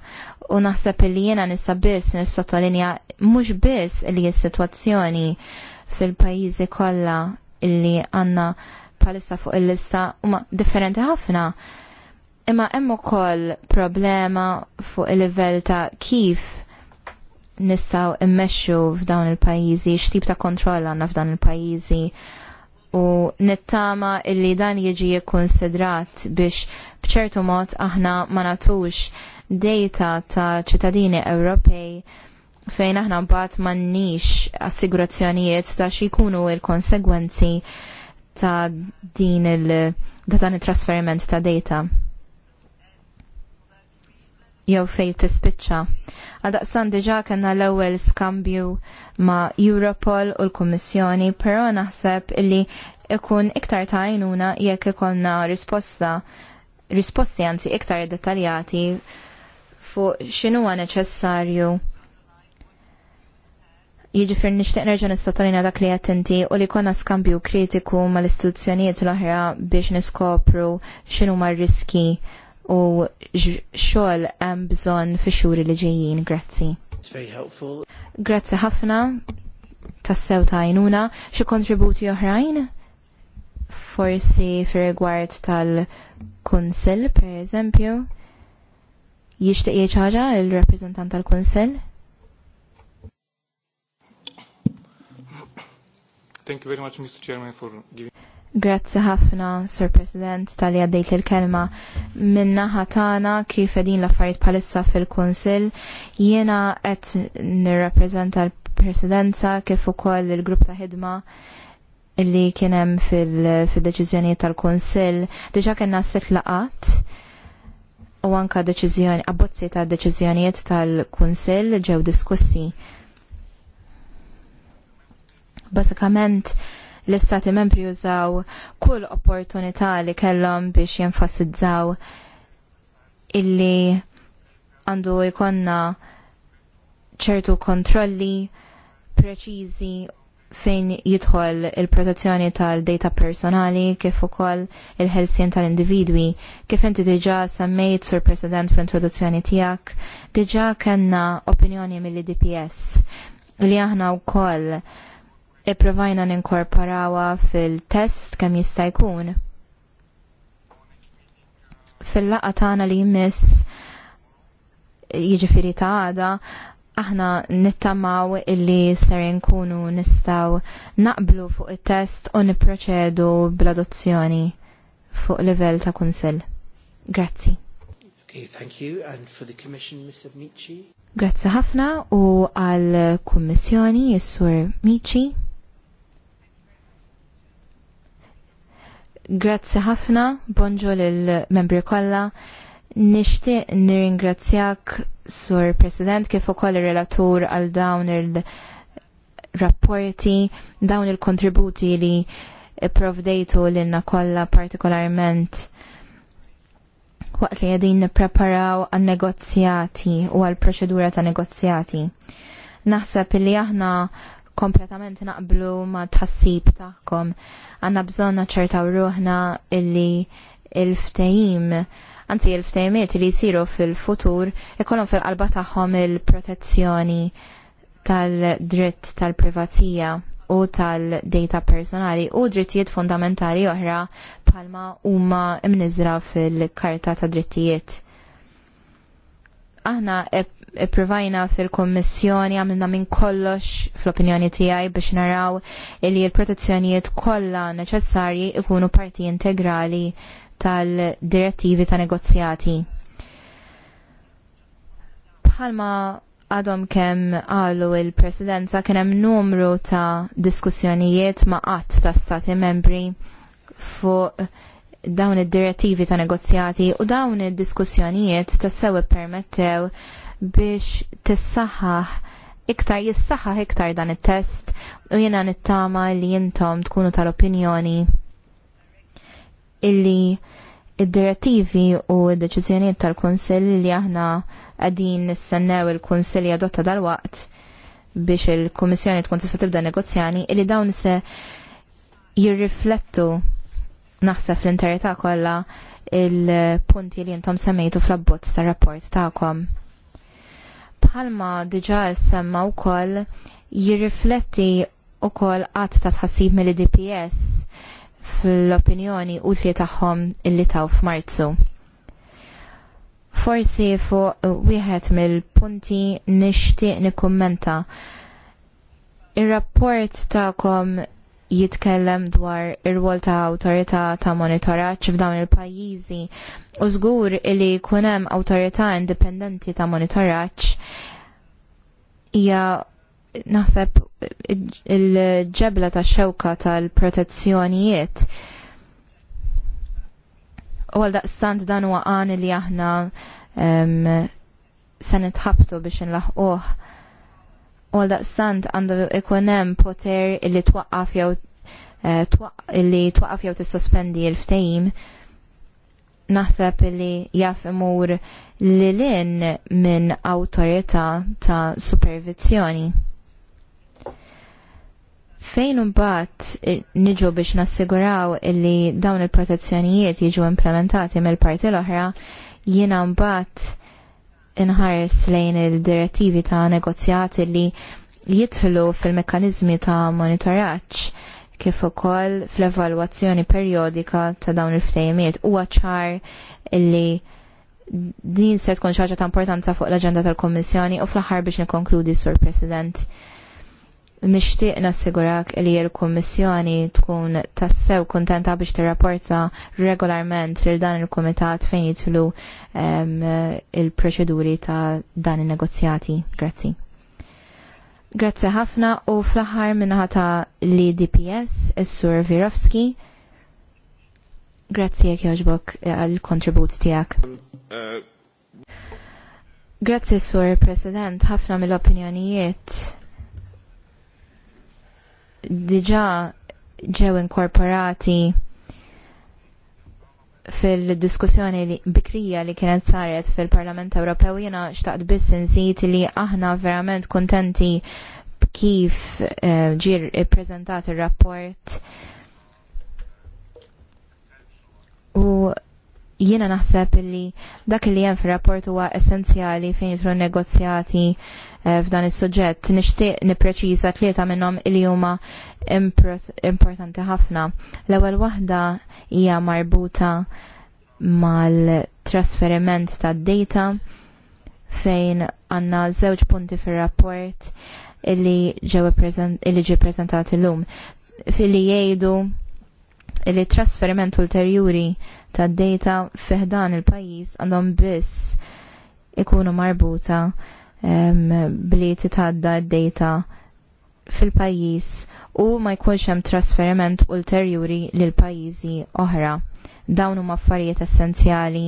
u naħseb li jiena nista' biss nissottolinja mhux biss li s-sitwazzjoni fil-pajjiżi kollha li għandna bħalissa fuq il-lista huma differenti ħafna Imma hemm ukoll problema fuq il-livell ta' kif nistgħu immexxu f'dawn il-pajjiżi, x'tip ta' kontroll għandna f'dan il-pajjiżi u nittama illi dan jiġi jikkonsidrat biex bċertu mod aħna ma natux data ta' ċittadini Ewropej fejn aħna mbagħad m'għandniex assigurazzjonijiet ta' x'ikunu l-konsegwenzi ta' din il-datan it-trasferiment ta' data jew fej tispiċċa. Għaldaqsan diġa kena l-ewwel skambju ma' Europol u l-Kummissjoni, però naħseb illi ikun iktar tajnuna jekk ikollna risposta risposti għanzi iktar dettaljati fuq x'inhuwa neċessarju jiġifir nishtiq nerġa' nistotolina dak li attenti u li konna skambju kritiku mal-istituzzjonijiet l-oħra biex niskopru xinu ma' riski u xogħol hemm bżonn fix-xhur li ġejjin. Grazzi. Grazzi ħafna tassew ta' għajnuna. Xi kontributi oħrajn? Forsi fir-rigward tal kunsel per eżempju jixtieq ħaġa il-rappreżentant tal kunsel Thank you very much, Mr. Chairman, for giving... Grazzi ħafna, Sir President, tal-li għaddejt il-kelma. Minna ħatana kif edin l-affarijiet palissa fil-Konsil, jiena qed nirrappreżenta l-Presidenza kif ukoll il-grupp ta' ħidma li kienem fil deċizjoniet tal-Konsil. Diġa kena sitt laqat u anka deċizjoni, abbozzi ta' deċizjoniet tal-Konsil ġew diskussi. Basikament, l-istati membri jużaw kull opportunità li kellhom biex jenfasizzaw illi għandu jkonna ċertu kontrolli preċiżi fejn jidħol il-protezzjoni tal-data personali kif ukoll il-ħelsien tal-individwi. Kif inti diġà semmejt sur President fl-introduzzjoni tiegħek, diġà kellna opinjoni mill-DPS li aħna wkoll ipprovajna ninkorporawha fil-test kemm jista' jkun. fil laqgħa tagħna li jmiss jiġifieri ta' għada aħna nittamaw illi ser nkunu nistaw naqblu fuq it-test u niproċedu bl-adozzjoni fuq livell ta' kunsill. Grazzi. Okay, thank you. And for the Commission, Mr. Michi. Grazzi ħafna u għal kummissjoni, Sur Michi. Grazzi ħafna, bonġu l membri kollha. Nixtieq nirringrazzjak Sur President kif ukoll ir-relatur għal dawn il-rapporti, dawn il-kontributi li provdejtu l-inna kolla partikolarment waqt li għedin nipreparaw għal negozjati u għal proċedura ta' negozjati. Naħseb li aħna kompletament naqblu ma tħassib taħkom. Għanna bżonna ċertaw ruħna illi il-ftejim, anzi il-ftejimiet li jisiru fil-futur, ikollhom fil-qalba tagħhom il-protezzjoni tal-dritt tal-privatija u tal-data personali u drittijiet fundamentali oħra palma huma imnizra fil-karta ta' drittijiet. Aħna e- provajna fil-kommissjoni għamilna minn kollox fl-opinjoni tiegħi biex naraw li l-protezzjonijiet kollha neċessarji ikunu parti integrali tal-direttivi ta' negozjati. Bħalma għadhom kemm għalu il-presidenza kien hemm numru ta' diskussjonijiet ma' qatt ta' stati membri fuq dawn id-direttivi ta' negozjati u dawn id-diskussjonijiet tassew permettew biex tissaħħaħ iktar jissaħħaħ iktar dan it-test u jiena nittama li jintom tkunu tal-opinjoni illi id-direttivi u d-deċizjoniet tal-Kunsill li aħna għadin nissennew il-Kunsill jadotta dal-waqt biex il-Kummissjoni tkun tista' tibda negozjani illi dawn se jirriflettu naħseb l-interità kollha il-punti li jintom semmejtu fl-abbozz tar-rapport tagħkom bħalma diġa semma u koll jirrifletti u koll għat ta' tħassib mill-DPS fl-opinjoni u li taħħom illi taw f'Marzu. Forsi fuq wieħed mill-punti nixtieq nikkummenta. Ir-rapport ta'kom jitkellem dwar ir-rwol ta' awtorità ta' monitoraġġ f'dawn il-pajjiżi u żgur li jkun hemm awtorità indipendenti ta' monitoraġġ hija naħseb il-ġebla ta' xewka tal-protezzjonijiet. U għal daqstant dan huwa qani li aħna se nitħabtu biex nlaħquh għal daqstant għandu ikunem poter illi twaqqaf jew eh, illi twaqqaf jew tissospendi l-ftehim naħseb illi jaf imur li lin minn awtorità ta' supervizjoni fejn imbagħad niġu biex nassiguraw illi dawn il-protezzjonijiet jiġu implementati mill-parti l-oħra jiena mbagħad inħares lejn il-direttivi ta' negozjati li jidħlu fil-mekkanizmi ta' monitoraċ kif ukoll fl-evalwazzjoni perjodika ta' dawn il-ftejmiet huwa ċar li din se tkun xaġa ta' importanza fuq l-aġenda tal-Kommissjoni u fl-aħħar biex nikkonkludi, Sur President, nixtieq nassigurak li l-Kummissjoni tkun tassew kuntenta biex tirrapporta regolarment lil dan il-Kumitat fejn jitlu il-proċeduri ta' dan in-negozjati. Grazzi. Grazzi ħafna u fl-aħħar minnaħa ta' li DPS sur Virovski. Grazzi jekk jogħġbok eh, għall-kontribut tiegħek. Uh, Grazzi Sur President, ħafna mill-opinjonijiet diġa ġew inkorporati fil-diskussjoni bikrija li kienet saret fil-Parlament Ewropew jiena xtaqt biss nżid li aħna verament kontenti kif eh, ġir uh, ippreżentat ir-rapport u jiena naħseb li dak li hemm fir-rapport huwa essenzjali fejn jitru negozjati Eh, f'dan is-suġġett. Nixtieq nippreċiża tlieta minnhom li huma importanti ħafna. L-ewwel waħda hija marbuta mal-trasferiment tad-data fejn għandna żewġ punti fir-rapport illi ġew illi ġie preżentat illum. Fili jgħidu li trasferiment ulterjuri tad-data fiħdan il-pajjiż għandhom biss ikunu marbuta um, bli d-data fil-pajjiż u ma jkunx hemm trasferiment ulterjuri lil pajjiżi oħra. Dawn huma affarijiet essenzjali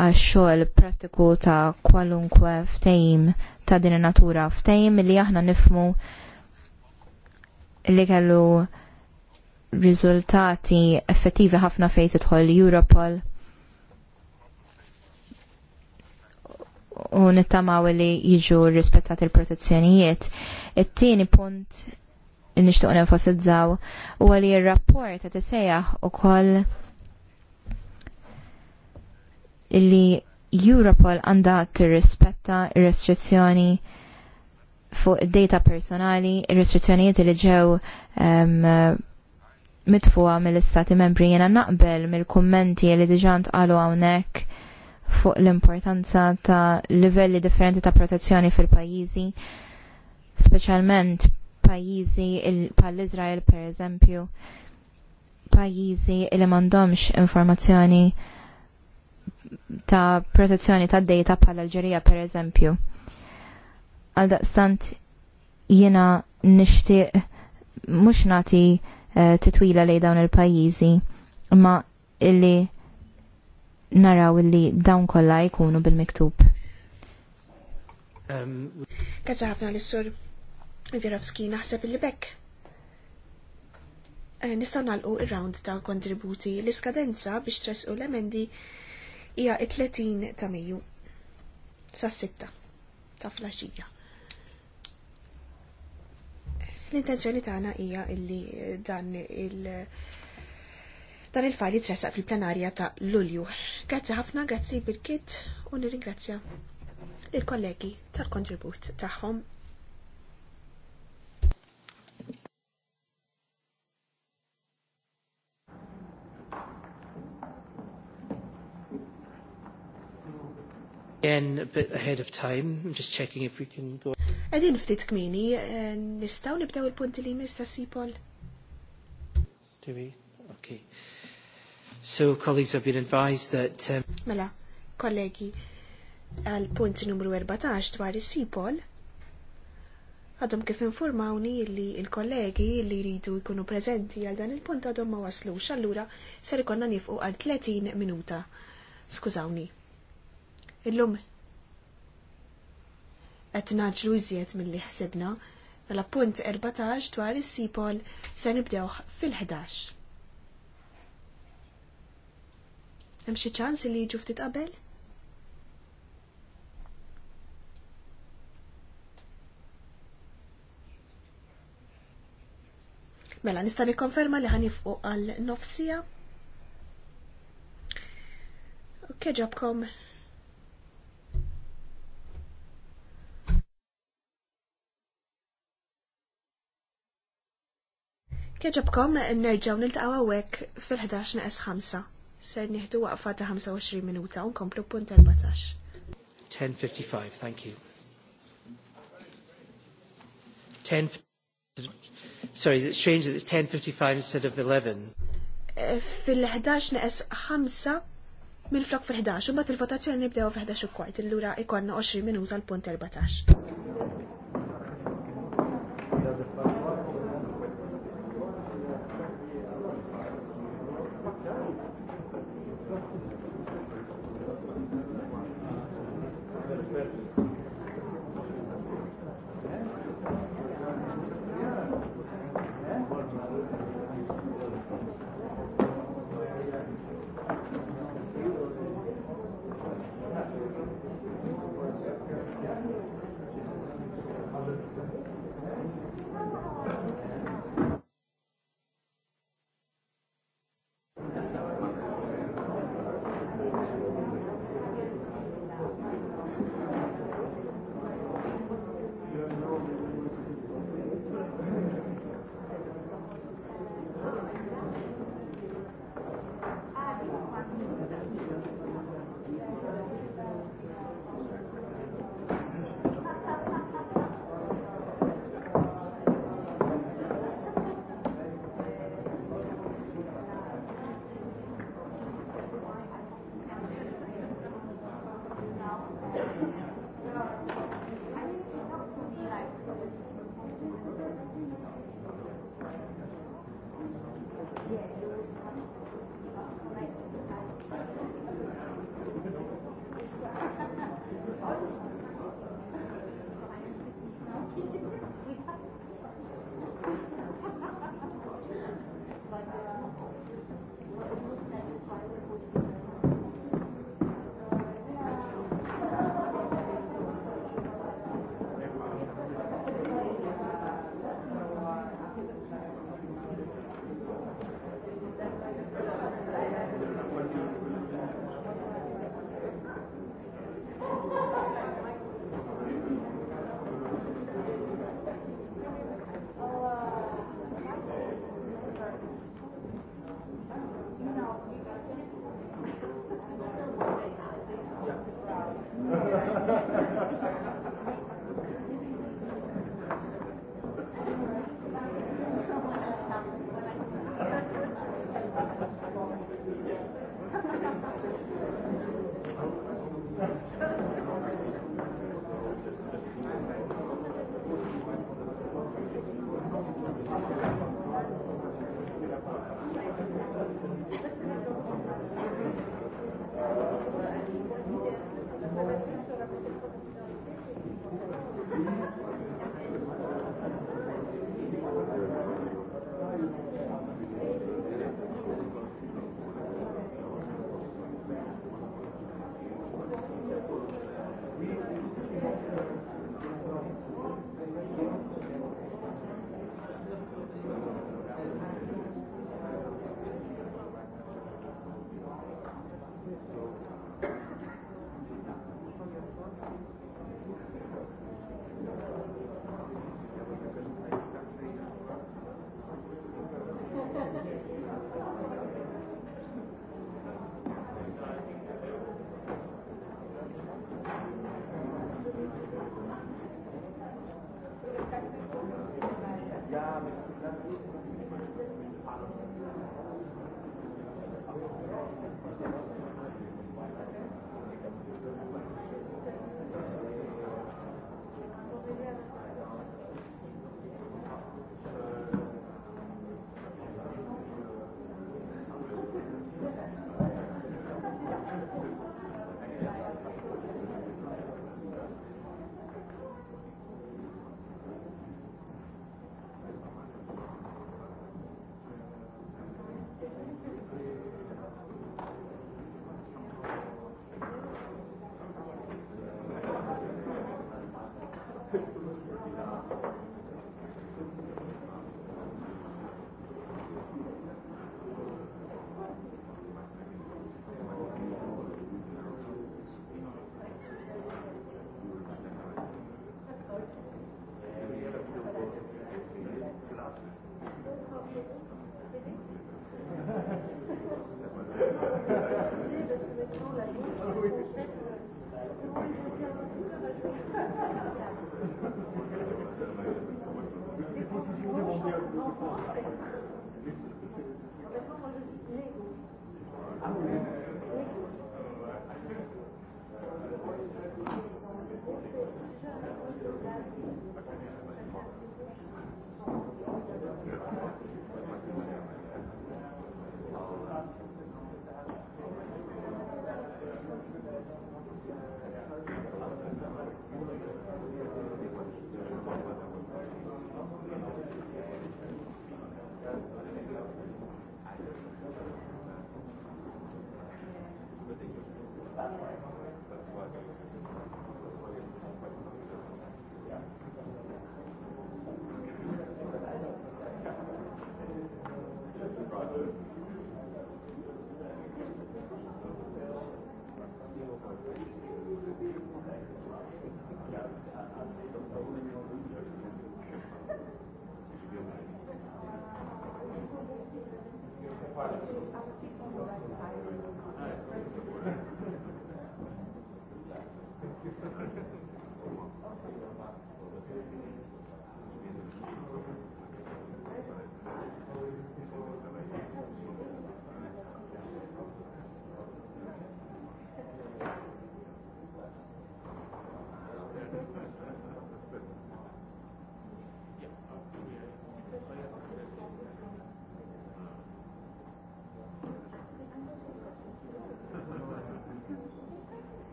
għax xogħol prattiku ta' kwalunkwe ftehim ta' din natura ftehim li aħna nifmu li kellu riżultati effettivi ħafna fejn tidħol Europol u nittamaw li jiġu rispettati il-protezzjonijiet. It-tieni punt nishtuq nenfasizzaw u għalli il-rapport għet sejjaħ u koll illi Europol għanda tirrispetta r restrizzjoni fuq data personali, il-restrizzjonijiet li ġew um, mill-istati membri jena naqbel mill-kommenti li diġant għalu għawnek fuq l-importanza ta' livelli differenti ta' protezzjoni fil-pajjiżi, speċjalment pajjiżi bħal Izrael pereżempju, pajjiżi li m'għandhomx informazzjoni ta' protezzjoni ta' data bħal Alġerija pereżempju. Għaldaqstant jiena nixtieq mhux nagħti eh, titwila lejn dawn il-pajjiżi, imma illi naraw li dawn kollha jkunu bil-miktub. Grazie ħafna l sur Vjerovski naħseb li bekk. Eh, nistgħu nagħlqu ir-round ta' kontributi l-iskadenza biex tresqu l-emendi hija 30 ta' Mejju sa' 6 ta' flaxija. L-intenzjoni tagħna hija illi dan il- dan il-fajl jitressaq fil-plenarja ta' Lulju. Grazzi ħafna, grazzi Birkit u nirringrazzja il-kollegi tal-kontribut tagħhom. Again, a bit ahead of time, I'm just checking if we can go. Edin ftit kmini, eh, nistaw nibdew il-punti li mista sipol? Do we? Okay. So colleagues have been advised that... Um, mela, kollegi, għal punt numru 14 dwar is-sipol, għadhom kif informawni li il-kollegi li jridu jkunu prezenti għal dan il-punt għadhom ma waslux, allura ser ikonna nifqu għal 30 minuta. Skużawni. Illum qed naġlu iżjed milli ħsibna, mela punt 14 dwar is-sipol se nibdew fil-11. Hemm xi ċans li jiġu ftit qabel? Mela, nista' nikkonferma li ħanifqu għal nofsija. Okke ġobkom. Kieġabkom nerġaw nil-taqaw fil-11 naqs 5. Ser nieħdu waqfa ta' 25 minuta u nkomplu punt 14. 10.55, thank you. 10, sorry, is it strange that it's 10.55 instead of 11? Fil-11 naqas 5 mill-flok fil-11, u bat il-votazzjoni nibdew fil-11 u kwart, il-lura ikonna 20 minuta l-punt 14.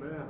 Yeah.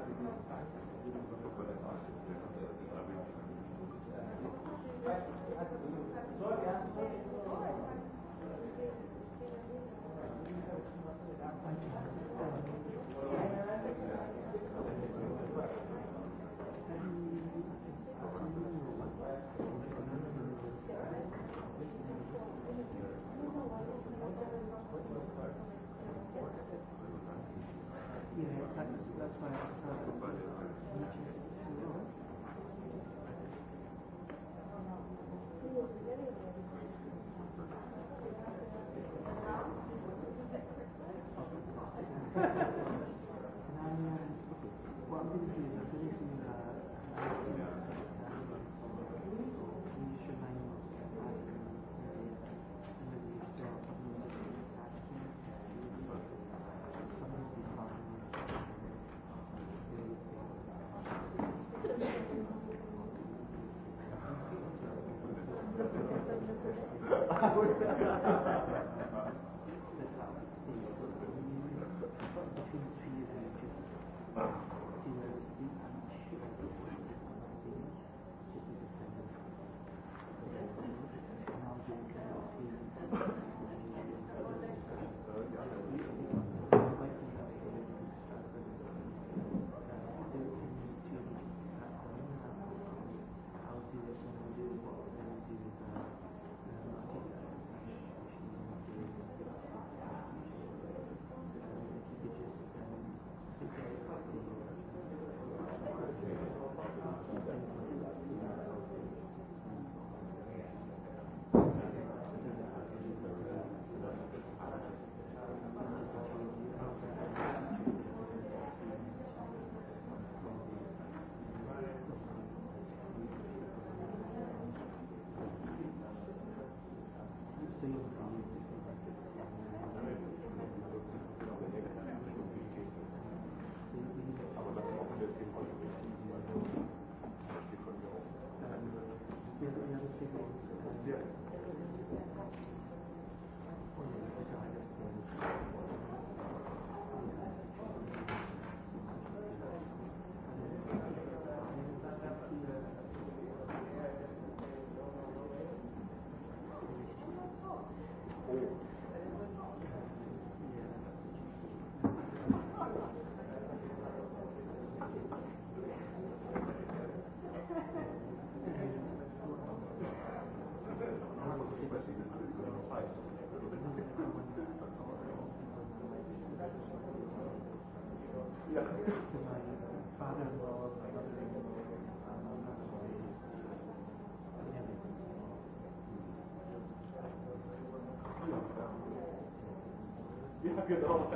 good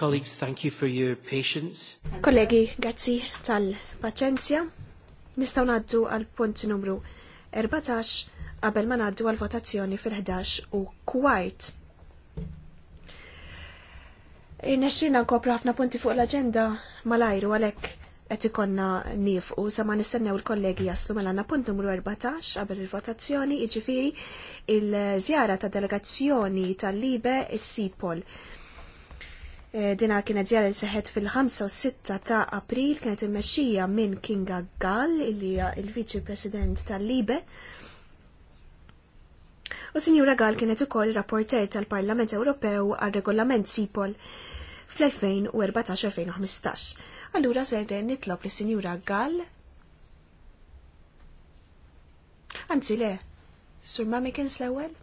Colleagues, thank you for your patience. Kollegi, grazzi tal-paċenzja. Nistaw naddu għal punt numru 14 qabel ma naddu għal votazzjoni fil-11 u kwart. Irnexxina nkopru ħafna punti fuq l-aġenda mal-ajru għalhekk qed ikonna nif u sama nistennew il-kollegi jaslu mela għandna punt numru 14 qabel il-votazzjoni, jiġifieri il-żjara ta' delegazzjoni tal-Libe is-Sipol. Il Eh, dina kienet ġara li seħet fil-5 u 6 ta' april kienet immexxija minn Kinga Gall, illi hija il-Viċi President tal-Libe. U Sinjura Gall kienet ukoll rapporter tal-Parlament Ewropew għal-regolament Sipol fl-2014-2015. Allura serre nitlob li Sinjura Gall. Anzi le, Sur Mamikins l-ewwel?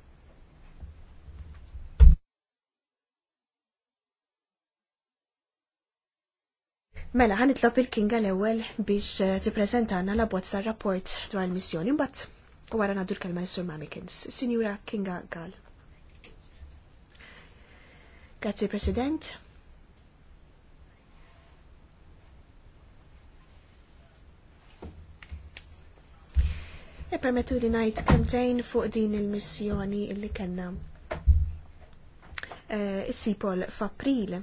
Mela, għan itlop il-Kinga l-ewel biex eh, tippreżentana la bozza rapport dwar il-missjoni, mbagħad u wara nagħdu l-kelma l Mamikins. Sinjura Kinga Gall. Grazie President. E permettu li najt kontejn fuq din il-missjoni illi kellna. Uh, Is-sipol f'April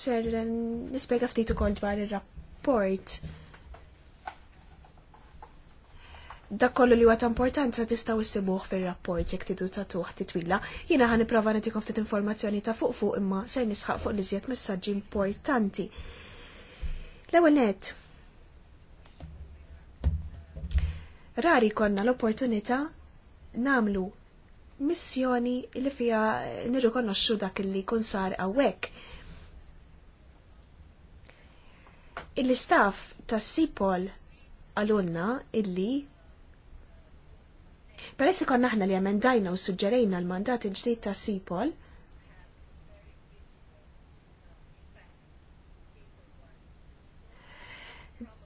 ser nispjega ftit ukoll dwar ir-rapport. Dak kollu li huwa ta' importanza tistgħu issibuh fir-rapport jekk tidu tagħtuh titwilla. Jiena ħa nipprova nagħtikom ftit informazzjoni ta' fuq fuq imma ser nisħaq fuq li messaġġi importanti. L-ewwel nett. Rari konna l-opportunità namlu missjoni li fija nirrikonoxxu dak li kun sar hawnhekk Il-istaff tas sipol għalunna illi Peress li konna aħna li emendajna u suġġerejna l-mandat il ġdijt ta' Sipol,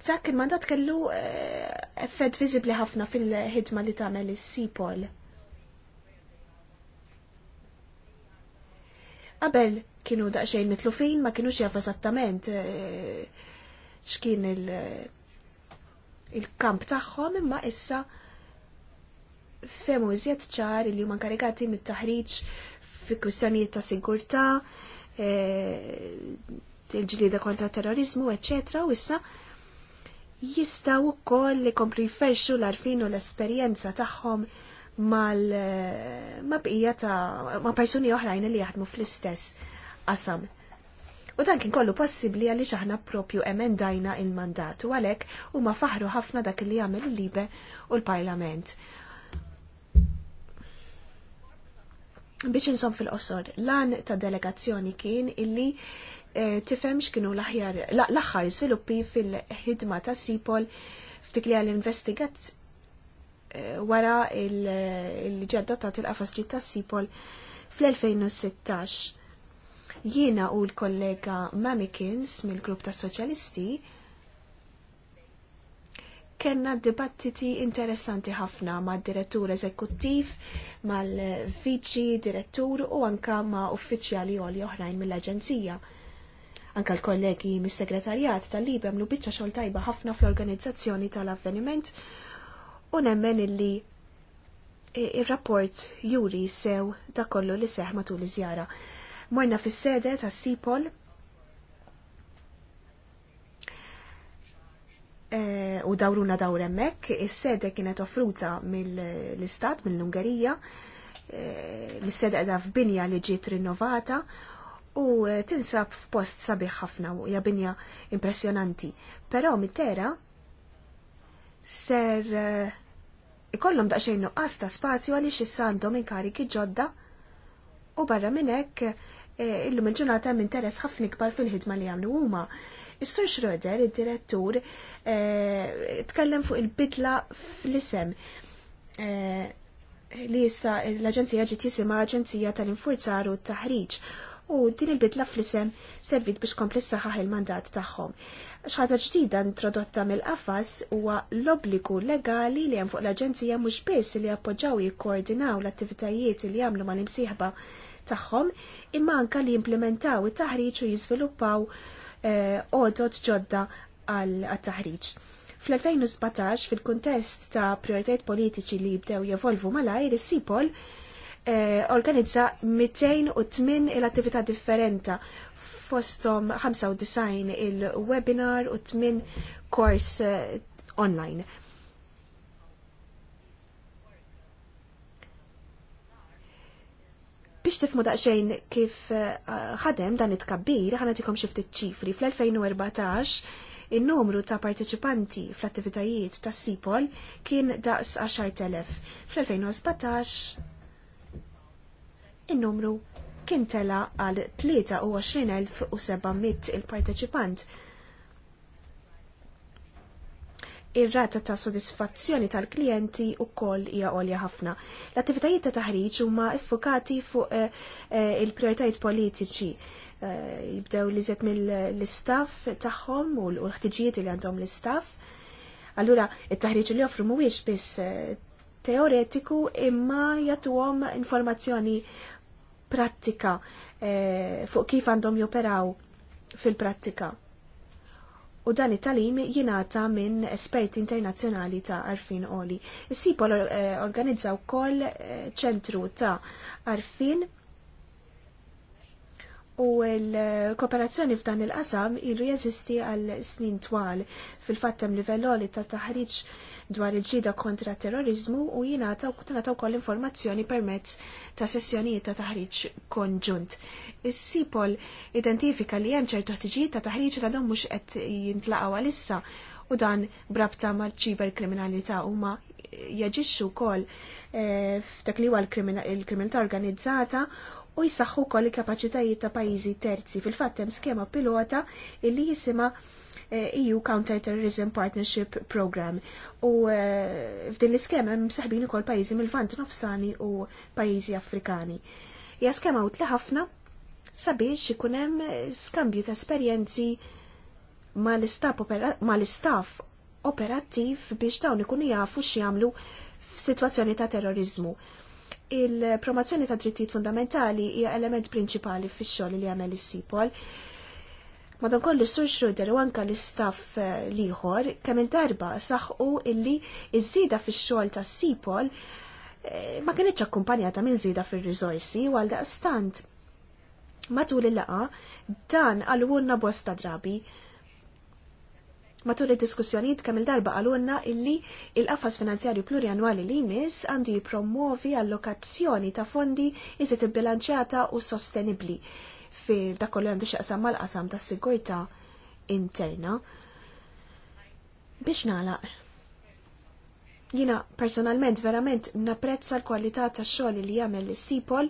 dak il-mandat kellu eh, effett viżibli ħafna fil-ħidma li tagħmel is-Sipol. Qabel kienu daqsxejn mitlufin ma kienux jaf eżattament eh, x'kien il-kamp tagħhom imma issa femu iżjed ċar li huma karigati mit-taħriġ fi kwistjonijiet ta' sigurtà, eh, il-ġlida kontra terrorizmu, eċċetera, u issa jistaw ukoll li komplu jferxu l-arfin u l-esperjenza tagħhom mal eh, ma bqija ta' ma' persuni oħrajn li jaħdmu fl-istess qasam. U dan kien kollu possibbli għaliex aħna propju emendajna il-mandat u għalhekk huma faħru ħafna dak li jagħmel il-Libe u l-Parlament. Biex nżom fil-qosor, lan ta' delegazzjoni kien illi eh, tifhem x'kienu l aħħar sviluppi fil-ħidma ta' Sipol ftik li għal-investigat eh, wara il-ġeddotta il qafasġi ta' Sipol fl-2016. Jiena u l-kollega Mamikins mill-grupp ta' soċjalisti kellna dibattiti interessanti ħafna ma' direttur eżekuttiv, mal-viċi direttur u anka ma' uffiċjali għoli oħrajn mill-Aġenzija. Anka l-kollegi mis-segretarjat tal libem lu biċċa xogħol tajba ħafna fl-organizzazzjoni tal-avveniment u nemmen illi il rapport juri sew da kollu li seħ matul iż-żjara. Morna fis-sede ta' Sipol e, u dawruna dawr hemmhekk, is-sede kienet offruta mill-Istat mill-Ungerija, e, l-sede qiegħda f'binja li ġiet rinnovata u tinsab f'post sabiħ ħafna u hija binja impressjonanti. Però mit-tera ser e, ikollhom daqsxejn nuqqas ta' spazju għaliex issa għandhom inkariki ġodda u barra minn hekk Eh, illum il-ġurnata hemm interess ħafna ikbar fil-ħidma li għamlu huma. Is-Sur Schroeder, id-direttur, eh, tkellem fuq il-bidla fl-isem eh, li jissa l-Aġenzija ġiet jisimha Aġenzija tal-Infurzar u t-Taħriġ u din il-bidla fl-isem servit biex kompli saħaħ il-mandat tagħhom. Xħata ġdida introdotta mill-qafas huwa l-obbligu legali li hemm fuq l-Aġenzija mhux biss li appoġġaw jikkoordinaw l-attivitajiet li jagħmlu mal-imsieħba tagħhom imma anka li jimplementaw it-taħriġ u jiżviluppaw eh, għodot ġodda għal-taħriġ. Fl-2017, fil-kontest ta' prioritet politiċi li jibdew jevolvu malajr, is-Sipol eh, organizza 208 il-attività differenta fostom 95 il-webinar u 8 kors eh, online. Biex tifmu daqxejn kif eh, ħadem dan it-kabbir, tikom xifti ċifri. Fl-2014 il-numru ta' parteċipanti fl-attivitajiet ta' Sipol kien daqs 10.000. Fl-2017 il-numru kien tela għal 23.700 il-parteċipant. il parteċipant ir-rata ta' sodisfazzjoni tal-klijenti wkoll hija għolja ħafna. L-attivitajiet ta' taħriġ huma effokati fuq eh, eh, il-prioritajiet politiċi eh, jibdew li żed mill-istaff tagħhom u l-ħtiġijiet li għandhom l-istaff. Allura, it-taħriġ li joffru mhuwiex biss teoretiku imma jagħtuhom informazzjoni prattika fuq kif għandhom joperaw fil-prattika u dan it-talim jingħata minn esperti internazzjonali ta' arfin oli. Is-sipol eh, organizza wkoll eh, ċentru ta' arfin u l-kooperazzjoni f'dan il-qasam ilu jeżisti għal snin twal fil-fattem livell oli ta' taħriġ dwar il-ġida kontra terrorizmu u jina ta' wkoll informazzjoni permezz ta' sessjonijiet ta' taħriġ konġunt. Is-sipol identifika li hemm ċertu ħtiġijiet ta' taħriġ li għadhom mhux qed jintlaqgħu għalissa u dan brabta mal-ċiber kriminalità huma jaġixxu wkoll eh, f'dak li huwa l-kriminalità organizzata u jisaxħu kol il-kapacitajiet ta' pajjiżi terzi. Fil-fatt hemm skema pilota illi jisima' EU Counter-Terrorism Partnership Program. U eh, f'din l-iskema hemm saħbin ukoll pajjiżi mill-Vant nofsani u pajjiżi Afrikani. Ja skema utla ħafna sabiex ikun hemm skambju ta' esperjenzi mal-istaff operattiv biex dawn ikunu jafu x'jagħmlu f'sitwazzjoni ta' terrorizmu il-promozzjoni ta' drittijiet fundamentali hija element prinċipali fix-xogħol li jagħmel is-sipol. Madankollu Sur Schroeder u anka l-istaff eh, liħor kemm darba saħqu illi iż-żida fix-xogħol tas sipol eh, ma kienitx akkumpanjata minn żida fir-riżorsi u għal daqstant. Matul il-laqa dan għalwunna bosta drabi. Matul id-diskussjonijiet kemm il-darba għalunna illi il-qafas finanzjarju plurianwali li jmiss għandu jipromuovi allokazzjoni ta' fondi iżid ibbilanċjata u sostenibli fil dak kollu għandu xaqsam mal-qasam tas sigurta interna. Biex nagħlaq. Jina personalment verament napprezza l-kwalità tax-xogħol li jagħmel is-sipol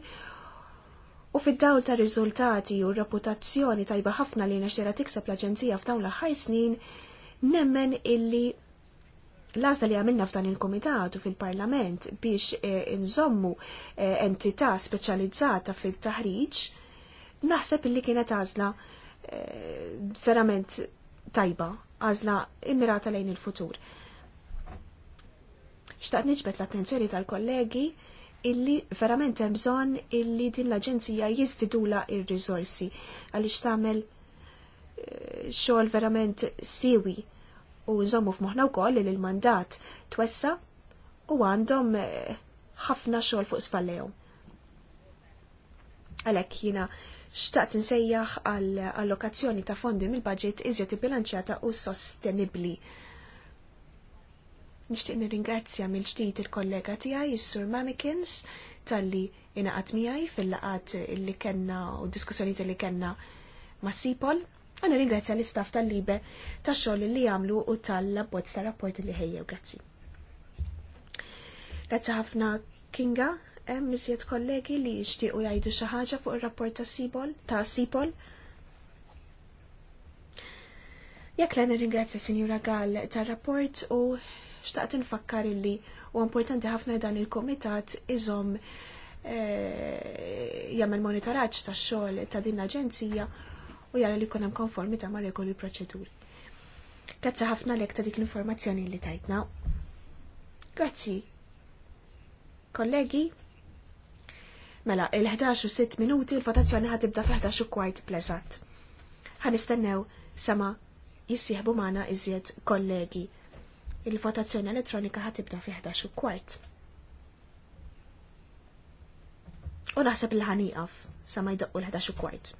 U fid-dawl ta' riżultati u reputazzjoni tajba ħafna li nexxera tikseb l-Aġenzija f'dawn l-aħħar snin, nemmen illi l-għazda li għamilna f'dan il-Komitat u fil-Parlament biex eh, nżommu eh, entità speċjalizzata fil-taħriġ Naħseb illi kienet għażla eh, verament tajba, għażla immirata lejn il-futur. Xtaqt nġbet l-attenzjoni tal-kollegi illi verament hemm bżonn illi din l-aġenzija jizdidula ir rizorsi għaliex tagħmel eh, xogħol verament siwi u nżommu f'moħħna wkoll li l-mandat twessa u għandhom eh, ħafna xogħol fuq spallejhom. Għalhekk jiena xtaqt nsejjaħ għall allokazzjoni ta' fondi mill-budget iżjed bilanċjata u sostenibli. Nixtieq nirringrazzja mill-ġdid il-kollega tiegħi is-Sur Mamikins talli ingħaqad miegħi fil-laqat li kellna u diskussjonijiet li kellna ma' Sipol. U nirringrazzja l-istaff tal-libe tax-xogħol li jagħmlu u tal-abbozz tar rapport li ħejjew. Grazzi. Grazzi ħafna Kinga Hemm iżjed kollegi li jixtiequ jgħidu xi ħaġa fuq ir-rapport ta' Sibol ta' Sipol. Jekk l ringrazzja Sinjura Gall tar-rapport u xtaqt infakkar illi u importanti ħafna dan il-komitat iżom eh, jagħmel monitoraġġ tax-xogħol ta' din l-aġenzija u jara li jkun hemm konformità mar regoli proċeduri. Grazzi ħafna lek ta' dik l-informazzjoni li tajtna. Grazzi. Kollegi, Mela, il-11 u 6 minuti il-votazzjoni tibda f-11 u kwart plezat. Ħanistennew sama jissieħbu maħna iżjed kollegi. Il-votazzjoni elettronika tibda f-11 u kwart. U naħseb il-ħaniqaf sama jiddu l-11 u kwart.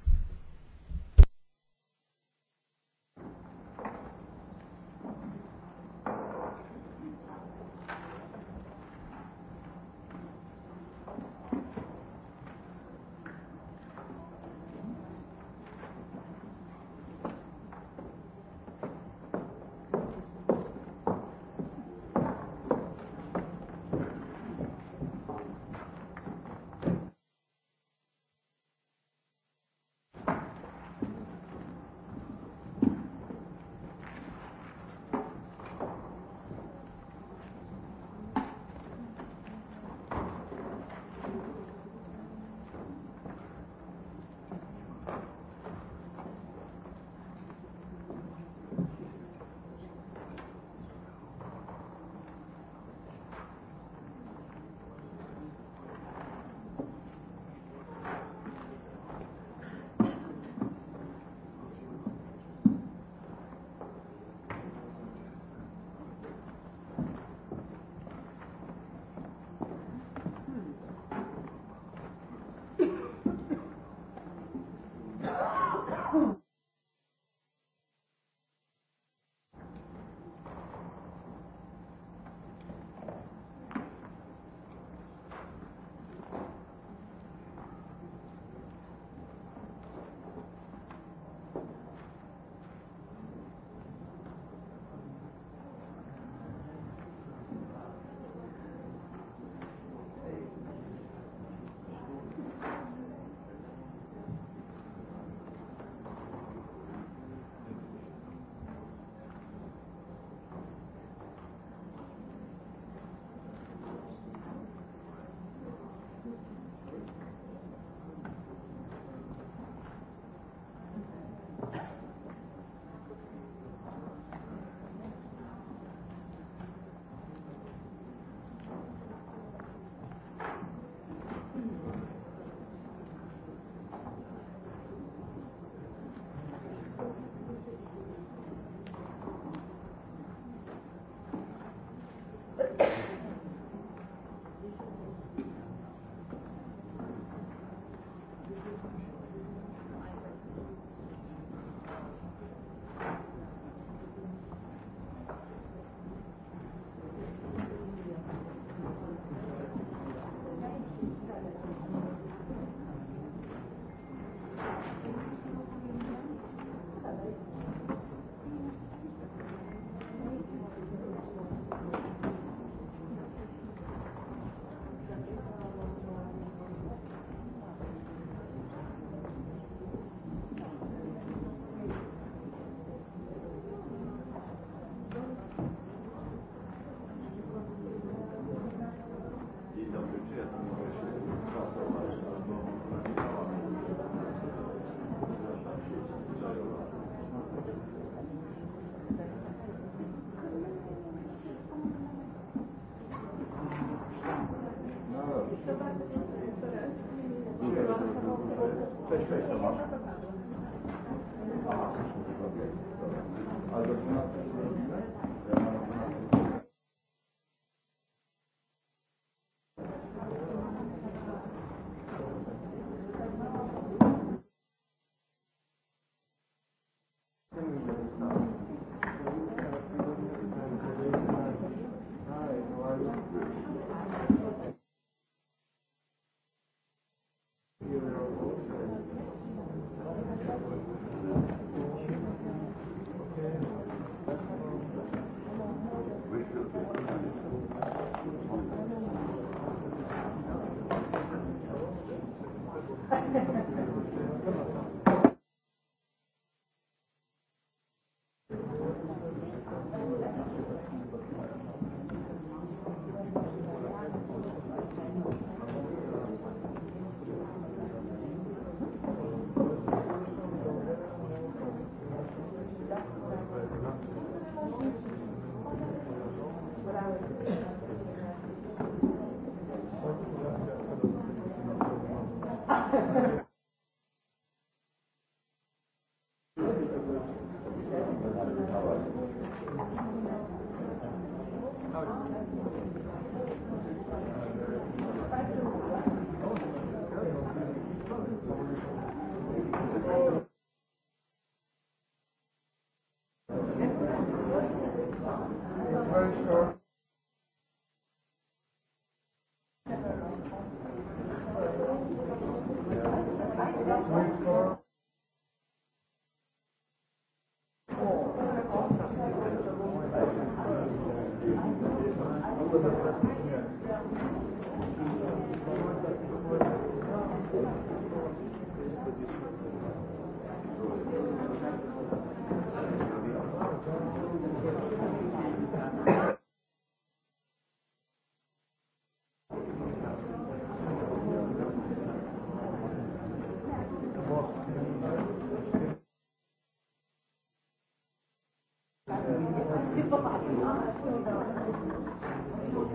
Thank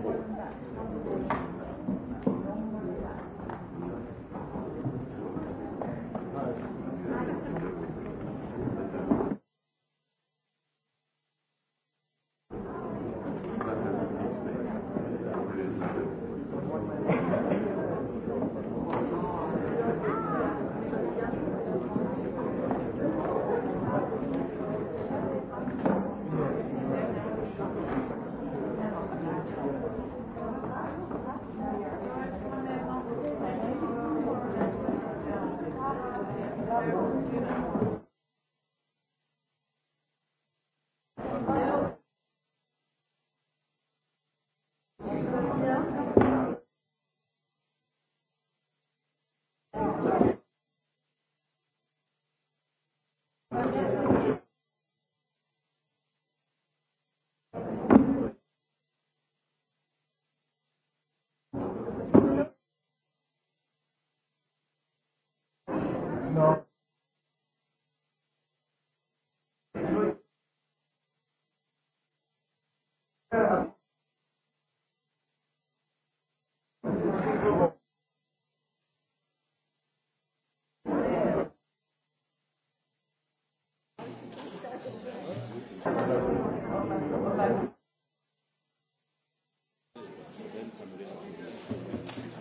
you.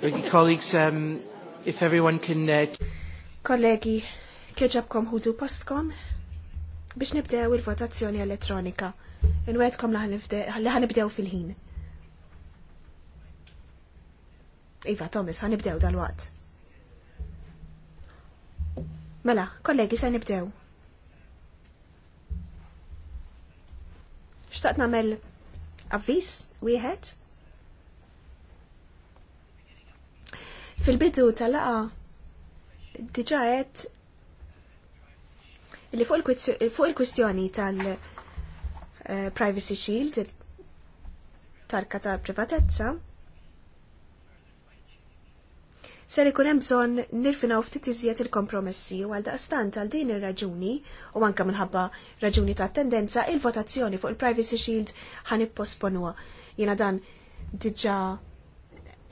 Thank you, colleagues, um, if everyone can... Uh... Kollegi, kieġabkom ħudu postkom biex nibdew il-votazzjoni elettronika. Inwedkom li ħanibdew fil-ħin. Iva, Thomas, ħanibdew dal-waqt. Mela, kollegi, se nibdew. Xtaqt namel avvis, wieħed? Fil-bidu tal-laqa diġaħet qed li fuq il-kwistjoni tal-Privacy eh, Shield, tarka ta' privatezza, ser ikun hemm bżonn nirfinaw ftit iżjed il-kompromessi u għal daqstant għal din ir-raġuni u anke minħabba raġuni ta' tendenza il-votazzjoni fuq il-Privacy Shield ħan ipposponuha. Jiena dan diġà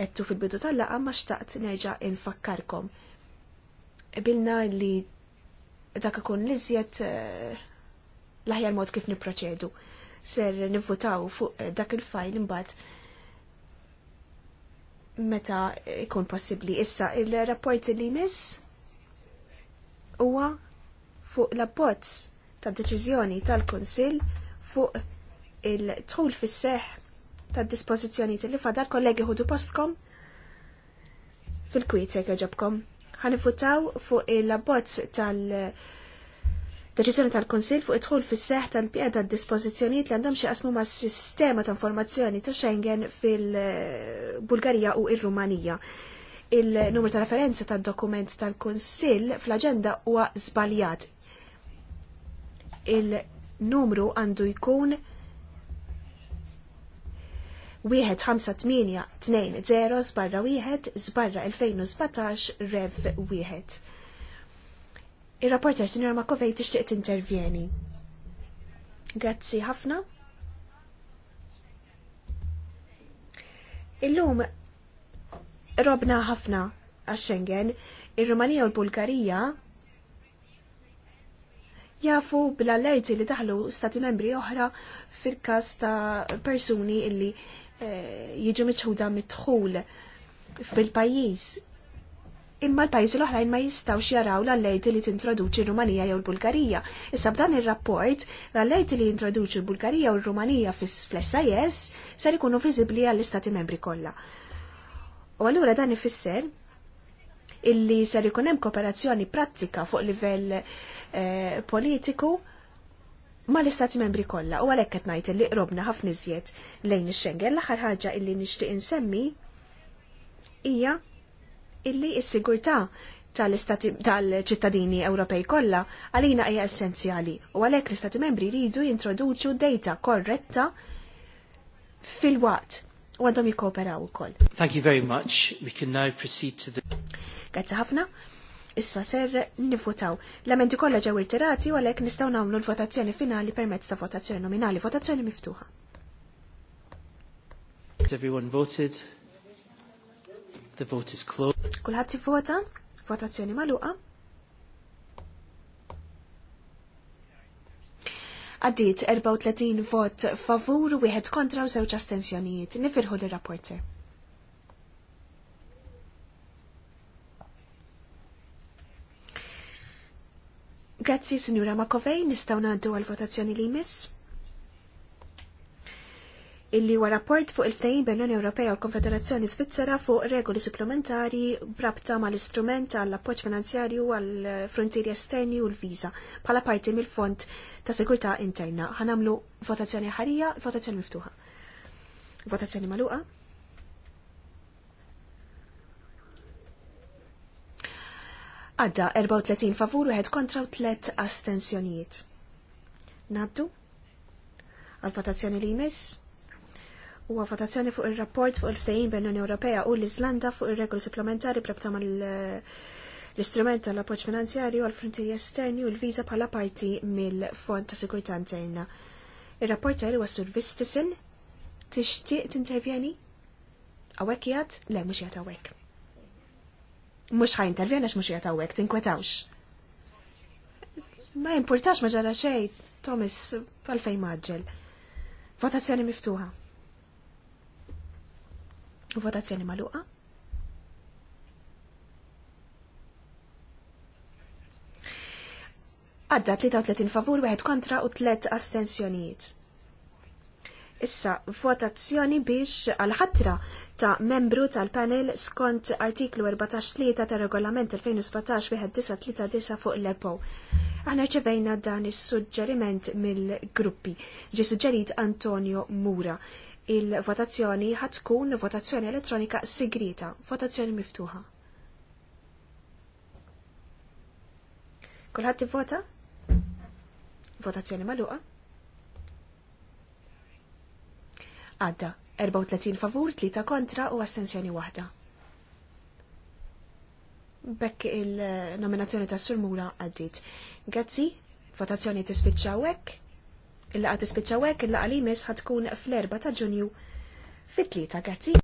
qedtu fil-bidu tal-laqgħa ma xtaqt nerġa' infakkarkom bilna li dak ikun liżjed eh, l-aħjar mod kif niproċedu. Ser nivvutaw fuq eh, dak il-fajl imbagħad meta ikun possibbli. Issa il-rapport li miss huwa fuq l-abbozz ta' deċiżjoni tal-Kunsill fuq il-tħul fis-seħ ta' dispożizzjonijiet li fadal kollegi ħudu postkom fil-kwiet se ġabkom ħanifutaw fuq il labbozz tal- Deċiżjoni tal-Konsil fuq it-dħul fis seħ tal-pjeda tad dispożizzjonijiet li għandhom xi qasmu mas sistema ta' informazzjoni ta' Schengen fil-Bulgarija u il rumanija Il-numru ta' referenza tad dokument tal-Konsil fl-aġenda huwa żbaljat. Il-numru għandu jkun wieħed ħamsa tminja tnejn zero żbarra wieħed żbarra 2017 rev wieħed. Ir-rapporter Sinjor Makovej tixtieq tintervjeni. Grazzi ħafna. Illum robna ħafna għax-Schengen, ir-Rumanija u l-Bulgarija jafu bl-allerti li daħlu stati membri oħra fil-kas ta' persuni illi Eh, jiġu miċħuda mitħul fil-pajjiż. Imma l-pajjiżi l-oħrajn ma jistgħux jaraw l-allejti li tintroduċi l rumanija jew l-Bulgarija. Issa b'dan ir-rapport l-allejti li jintroduċi l-Bulgarija u l rumanija fl sis ser ikunu viżibbli għall-Istati membri kollha. U allura dan ifisser illi ser ikun hemm kooperazzjoni prattika fuq livell eh, politiku ma l-istati membri kollha u għalhekk qed ngħid li qrobna ħafna iżjed lejn ix-Schengen l-aħħar ħaġa illi nixtieq insemmi hija illi s-sigurtà tal-ċittadini Ewropej kollha għalina hija essenzjali u għalhekk l-Istati Membri jridu jintroduċu data korretta fil-waqt u għandhom jikkooperaw ukoll. Thank you very much. We can now proceed to the Grazzi ħafna. Issa ser nifutaw. L-amendi kollha ġew irtirati u għalhekk nistgħu nagħmlu l-votazzjoni finali permezz ta' votazzjoni nominali, votazzjoni miftuħa. Everyone voted. The vote is closed. Kulħadd tivvota, votazzjoni magħluqa. Għaddit 34 vot favur, wieħed kontra u żewġ astensjonijiet. Nifirħu l-rapporter. Grazzi, Signora Makovej, nistaw naddu għal-votazzjoni li jmiss. Illi huwa rapport fuq il-ftajin bejn l-Unjoni Ewropea u l-Konfederazzjoni Svizzera fuq regoli supplementari brabta mal-istrument għall-appoġġ finanzjarju għall-frontieri esterni u l visa bħala parti mill-Fond ta' Sigurtà Interna. Ħanamlu votazzjoni ħarija, votazzjoni miftuħa. Votazzjoni maluqa. Għadda 34 favur, 1 kontra u 3 astensjonijiet. Naddu għal votazzjoni li jmiss huwa votazzjoni fuq ir-rapport fuq il-ftehim bejn l-Unjoni Ewropea u l-Iżlanda fuq ir-regoli supplementari prabta mal eh, l-istrument tal-appoġġ finanzjarju għal frontieri esterni u l-viża bħala parti mill-Fond ta' Sigurità Interna. Ir-rapporter huwa Sur Vistisen tixtieq tintervjeni? Awek jgħad? Le mhux jgħad awek mux ħajintervjena x mux jatawek, tinkwetawx. Ma importax ma ġara xej, Thomas, għalfej maġġel. Votazzjoni miftuħa. Votazzjoni maluqa. Għadda 33 favur, 1 kontra u 3 astensjonijiet. Issa, votazzjoni biex għal-ħatra ta' membru tal-panel skont artiklu 14-3 ta' regolament 2017-1939 fuq l-EPO. Aħna ċevejna dan is suġġeriment mill-gruppi ġi suġġerit Antonio Mura. Il-votazzjoni ħatkun votazzjoni elettronika sigrita, votazzjoni miftuħa. Kulħadd vota? Votazzjoni maluqa? Għadda. 34 favur, 3 kontra u astensjoni waħda. Bekk il-nominazzjoni ta' surmura għaddit. Grazzi, votazzjoni tispiċċawek, il-laqa tispiċċawek, il-laqa li mis ħatkun fl-4 ta' ġunju fit-tlieta, grazzi.